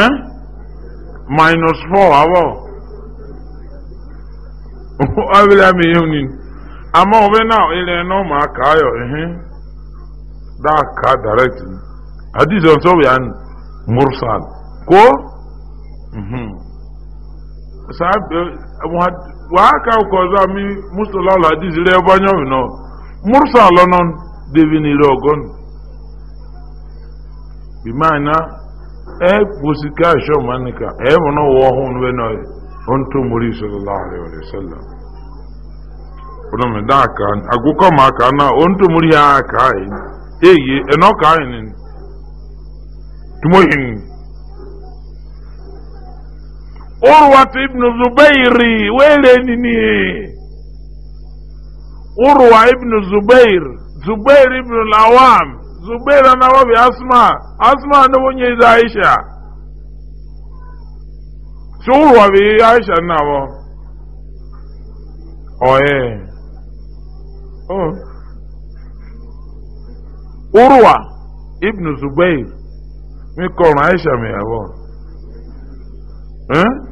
eh minus four awọ abraham èyí òní ni àmọ́ òwe náà na náà máa kà á da aka direct kà á direct hadith mursal waa ọzọ kọzọ mi mustala alhadiz rẹ bọnyọ nọ mursa lọnọn devi ni rẹ ọgọn bimaana ẹ e kwosi ká aṣọ manika ẹ mọ náà wọ ọhún wẹ náà ọ n tó mórí sọlọlá àlẹwà rẹ sẹlẹ ọdún mi dá àká àgùkọ mà àká náà ọ n tó mórí àká yìí èyí ẹ̀ náà ká yìí ni e e, tùmọ̀ yìí ni. urwat ibnu zubairi wele nini urwa ibnu zubair zubair ibnu lawam zubair anawabi asma asma anobonyeiza aisha si urwa bi aisha nabo oye oh. urwa ibnu zubair mikoro aisha miyabo eh?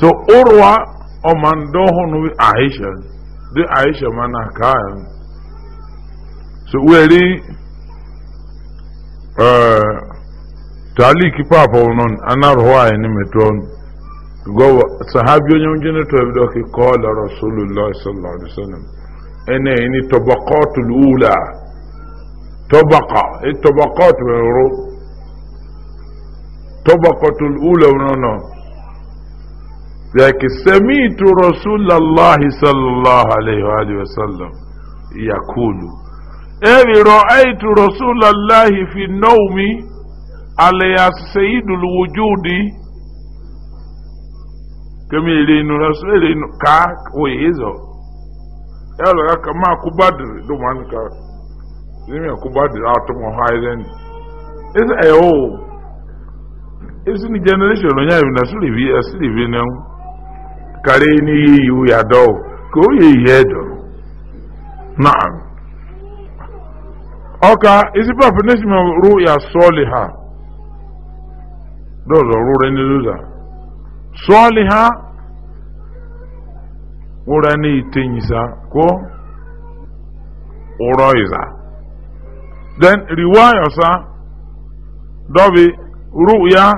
so urwa ọmandohunu aisha dị aisha mana ka so weri eh, taliki papa non anarhuwa ni meton go sahabi onye onye ne tobi do ki qala rasulullah sallallahu alaihi wasallam ene ni tabaqatul ula tabaqa e tabaqat tabaqatul ula ذاك سميت رسول الله صلى الله عليه وآله وسلم يقول أي رأيت رسول الله في النوم على سيد الوجود كما يلين رسول يلين كاك ويزو يلا كما كبادر دومان كاك لما كبادر آتمو هايزن إذا أيوه إذا generation onyanya bi na silivi asilivi ne ho karịa ni iwu ya dɔw k'o ye yɛ dɔ na ɔka isipafu ne sima ru ya sɔɔli ha dɔw dɔ ru rɛ ni luza ha ụra na yi te nyisa ko wurɔ yi za then riwaayo sa dɔ ru ya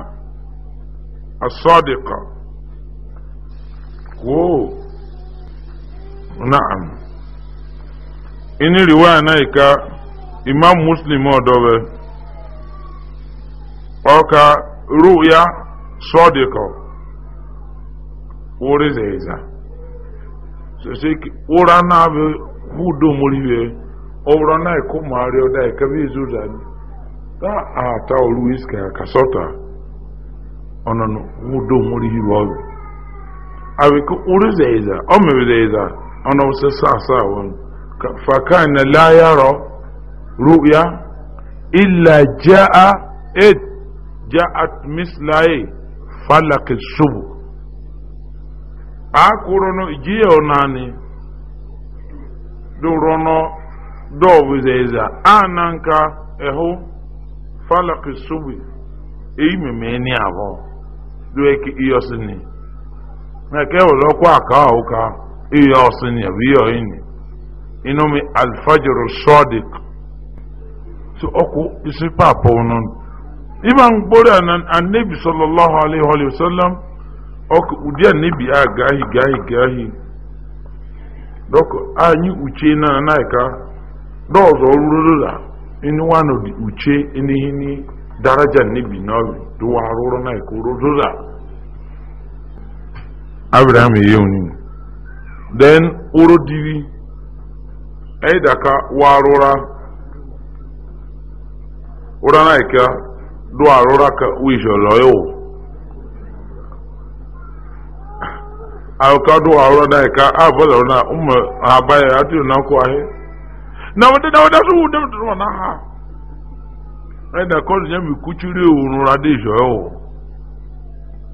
asọdịkọ. koo na'am ini riwaya na ika imam muslim odobe ọka ruya sọdịkọ wuri zaiza sosai wura na abụ hudu muriwe ọwụrụ na ikụ mari ọda ikabe izuza ni ta olu oru iska kasọta ọnọnụ hudu muriwe ọrụ awiki urizaiza omibizaiza ono wasu sasa wọn faka na la yaro ru'ya illa ja'a it ja'at mislaye falaki subu a kurono ijiya onani durono dobu zaiza ananka ehu falaki subu eyi mimeni eke duweki iyosini mẹ́kẹ́ wọlé ọkọ̀ àkàwọ̀ká iyọ̀ ọ̀sìn ni àbí iyọ̀ yìí ni inú mi alifajoro sọ́ọ̀dìk tí ọkọ̀ ìsìnpá àpọ̀wọ̀nà ìmọ̀ ń gbórí ànábì sọlọ́láhu alayhi wa sallam ọkọ̀ ụdị ànábì a gaahi gaahi gaahi dọkọ̀ anyị uche na anaghịka dọọzọ ruru la ịnụ nwanụ uche ịnụ ihe daraja ànábì n'ọrụ dụwa arụrụ Naịka ịkụ ruru la. abraham yi yoni then oro diri ai da ka warora ora na ka dụ arora ka wijo loyo ka do arora na ka abola na umma abaya atu na ko ahe na na wada su na ha ai da ko je mi kuchiri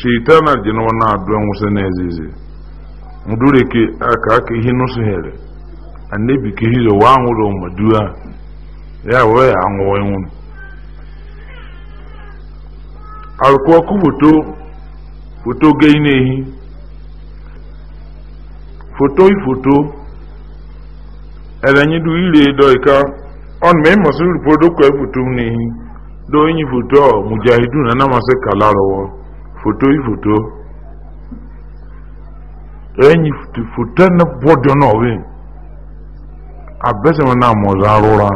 sheitani aljini wa na-adụ nwụsị n'ezizi ndure ke aka aka ihe nụsụ here annabi ke hizo wa nwụrụ maduwa ya wee ya anwụwa nwụrụ alkuwa ku foto foto gai na ehi foto i foto ẹlẹnyi du ile dọ ika ọnu mẹ mọsi ripo dọkọ ẹ foto na ehi dọ enyi foto ọ mujahidun nana ma se kala foto yi foto enyi foto ne bɔdɔ na ɔwe abɛsɛmɛ na mɔza rora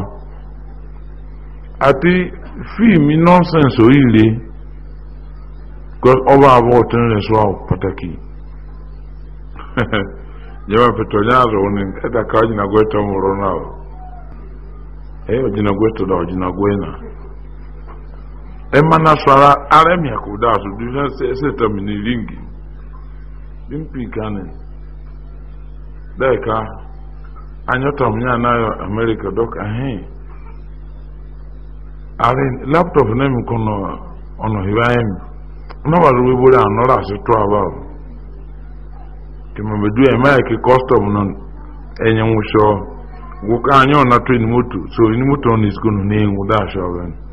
ati fiimi nɔnsɛnsi oyire kɔs ɔba abɔ ɔtɛn ne so awo pataki nyɛma pɛtɔ nyɛ azɔ wɔn ni ɛda ka ɔgyina goe tɔ mɔrɔ na o ɛyɛ ɔgyina goe da ɔgyina goe ɛma na sɔra ara mi akoda so do na sɛ ɛsɛ ringi bi kane dɛ e ka anyɛ amerika dɔk ahɛn are laptop e e na mi kɔnɔ na wa lóbi bori anɔra ase tó aba o ke custom no ɛnyɛ ŋusɔ wò ká anyɛ so ɛnimoto ɔnà ìsikò nù na ɛnwó dá aṣọ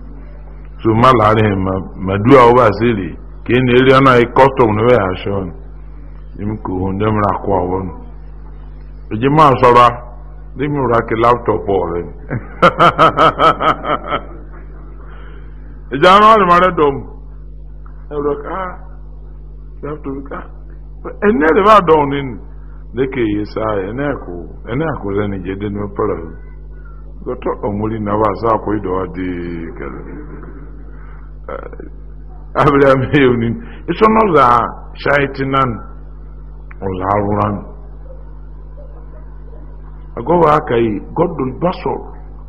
so mala ari ma ma dua awo ba se le ke ne eri na e custom ne we aso im ko hun dem ra ko awo e je ma so ra ni mi ra ke laptop o e re e ka ka ene don ni ne ke sa ene ko ene ko re ni je de no na abịara m ya onin iso n'ụzọ a shaitinan ụzọ arụran agọwa aka yi godun o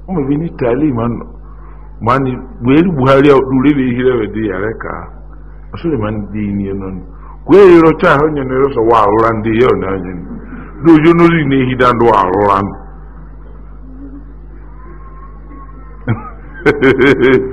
ụmụ bi ni tali man mani weri buhari a dure bi hire we di yare ka osure man di ni non kweri ro cha ho nyen ro so wa arụran di yo na nyen do yo no ri ne hida do arụran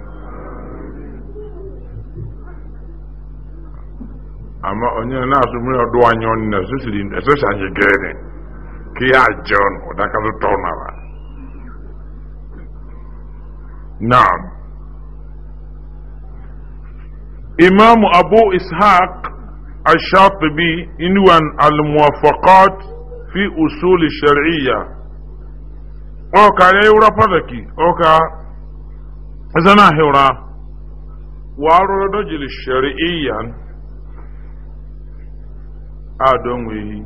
ama onye na-asụ mmiri ọdụ anya ọnịna anyị nara na imam abu ishaq الشاطبي إنوان الموافقات في أصول الشرعية Padaki o ka أوكا إذا adọ nwe ehi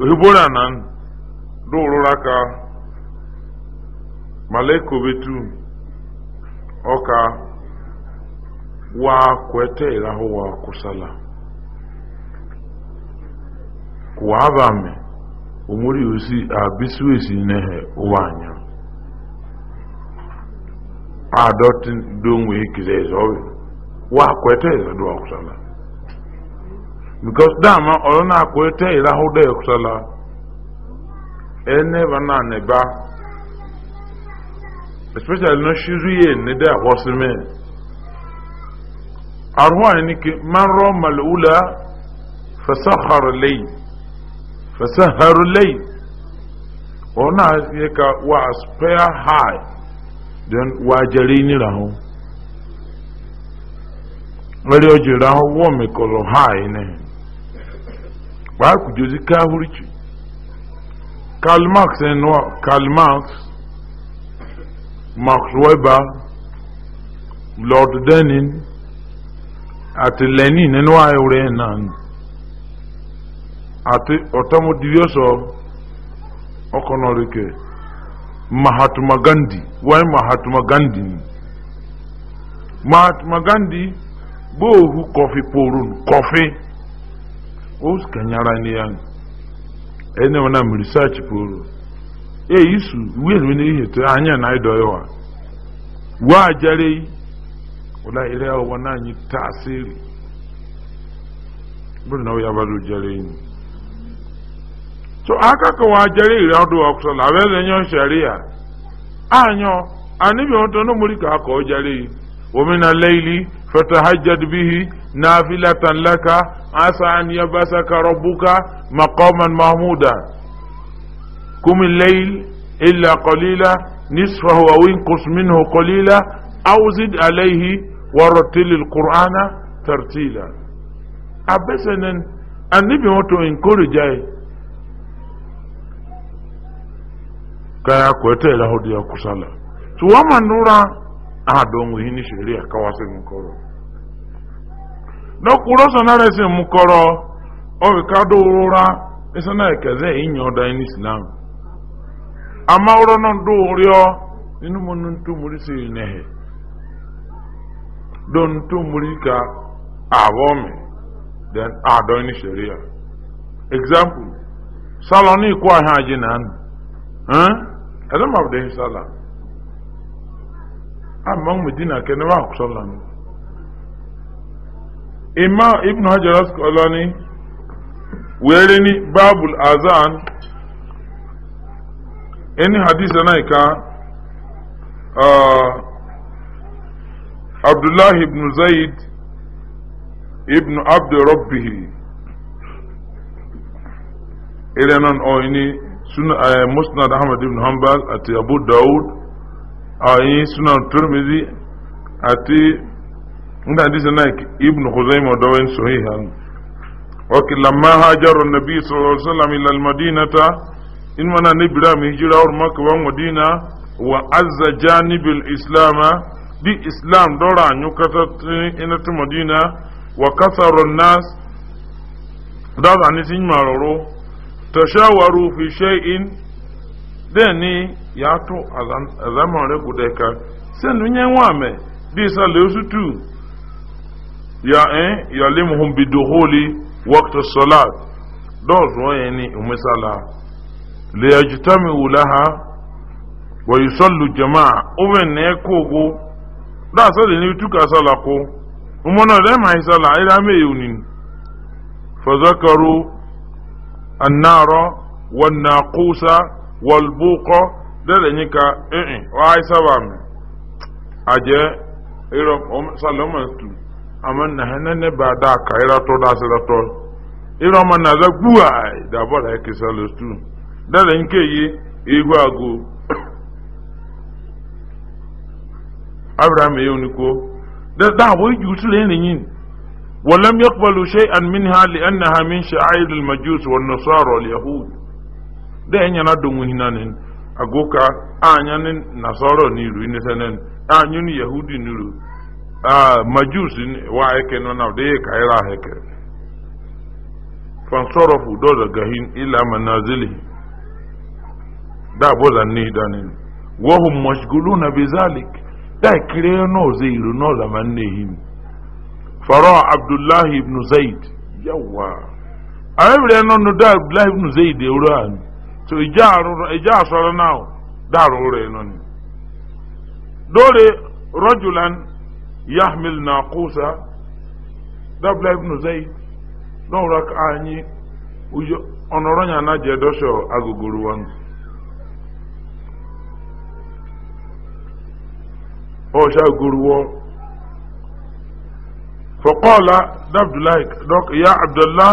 ohigbora na rụrụrụ aka malaikobetu ọka wa kwete ịrahụ wa kwụsala kwa abami omori osi abisuesi nehe ụwa anya adọtin donwe ikire ọrụ wa kwete ịrahụ wa kwụsala because dama ọrụ na-akụ ete ịrahụ dị ekwusala ene na neba especially na shizu ya ne dị akwọsị mee arụwa anyị nike marọ malula fasahar lai fasahar ọ na-asị ka wa aspire high then wa jere ni rahụ nwere o ji rahụ wọ mekọrọ high ne bakujozi kahurichi karl marx enwa karl marx max weber lord denin ati lenin enwa ewure ati àti ọ̀tọ́mọdìyọ́sọ Okonorike mahatma gandhi waa mahatma gandhi ni mahatma gandhi gbóòhù kọfí pòrùn kọfí. os nyara ni ya ene wana mu research poro e isu we ni ihe anya na ido wa jare ụla ile o naanị tasiri bụrụ na ya balu jare ni so aka ka wa jare ire odo okso la sharia anyo anibi on to ka فتهجد به نافلة لك عسى أن يبسك ربك مقاما محمودا قم الليل إلا قليلا نصفه أو انقص منه قليلا أو زد عليه ورتل القرآن ترتيلا أبسنا النبي موتو انكوري جاي كايا كويتي لهو ديا كسالا سوى من نورا ihe yìí ní ṣẹ̀rí nkọrọ n'okwuru ọsọ kọ́rọ̀ lọ́kùnrin m sí mú ka ọ̀rìká dóorá ìsọ̀nà na-ekeze ọ̀dà ọda islam àmà ọ̀rọ̀ náà dóorí ọ nínú mo ní tó múrí sí ìnẹ̀hẹ̀ dó ní ka àwọ̀ mi then àádọ́ ní ṣẹ̀rí example amma ọmụ di na kene wa akwụsọla m ima ibn hajar askolani were ni babul azan eni hadisa na ika abdullah ibn zaid ibn abd rabbih ilanan oyni sunan eh, musnad ahmad ibn hanbal ati abu daud آه، أي سنة الترمذي أتي من حديث نايك ابن خزيمة دوين صحيحا وكي لما هاجر النبي صلى الله عليه وسلم إلى المدينة إن من نبرا مهجرة مكة ومدينة وعز جانب الإسلام دي إسلام دورا نكتت إن المدينة وكثر الناس دابا عن سنة تشاوروا في شيء دني ya to azaman re gude ka sen nunye wa me bi sa le sutu ya eh ya limhum bi dukhuli waqt as-salat do zo yani umisala li yajtami'u laha wa yusallu jama'a uben ne kogo da sa de ni tuka sala ko umona de mai sala ira me yunin fa zakaru النار والناقوس والبوق dede nyika ee eh, eh, wai sabam aje iro om saloma stu aman na hanane ba da ka ira to da sira to iro man na za guwa eh, da bola e ke salo stu dede nke yi ihu ago abraham e yi uniko da da bo ju sule ne yin ولم يقبلوا شيئا منها لأنها من شعائر المجوس والنصارى واليهود ده أن ينادوا مهنانين agoka anya ni nasoro ni ru ni senen anya ni yahudi ni ru ah majus ni wa eke no na de ka ira heke fan sorofu do da gahin ila manazili da bola ni danin wa hum mashghuluna bizalik da kire no ze iru no da mannehin fara abdullah ibn zaid yawa ayi re no no da abdullah ibn zaid ewran so ije arụrụ ije asọrọ na darụ ụrọ enu ni dole rojulan yahmil na kusa dabla ibn zayd n'ụra ka anyị ọnọrọ ya na je dosho agụgụrụ wọn ọsha guruwo فقال عبد الله يا عبد الله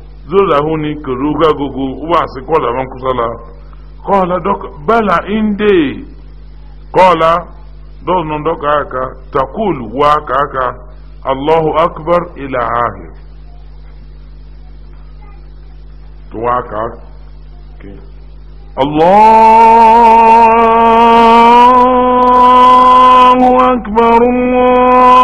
zola huni kuruga gugu wasi kola mankusala kola dok bala inde kola do non dok aka takul wa aka Allahu akbar ila ahir to aka Allahu akbar Allah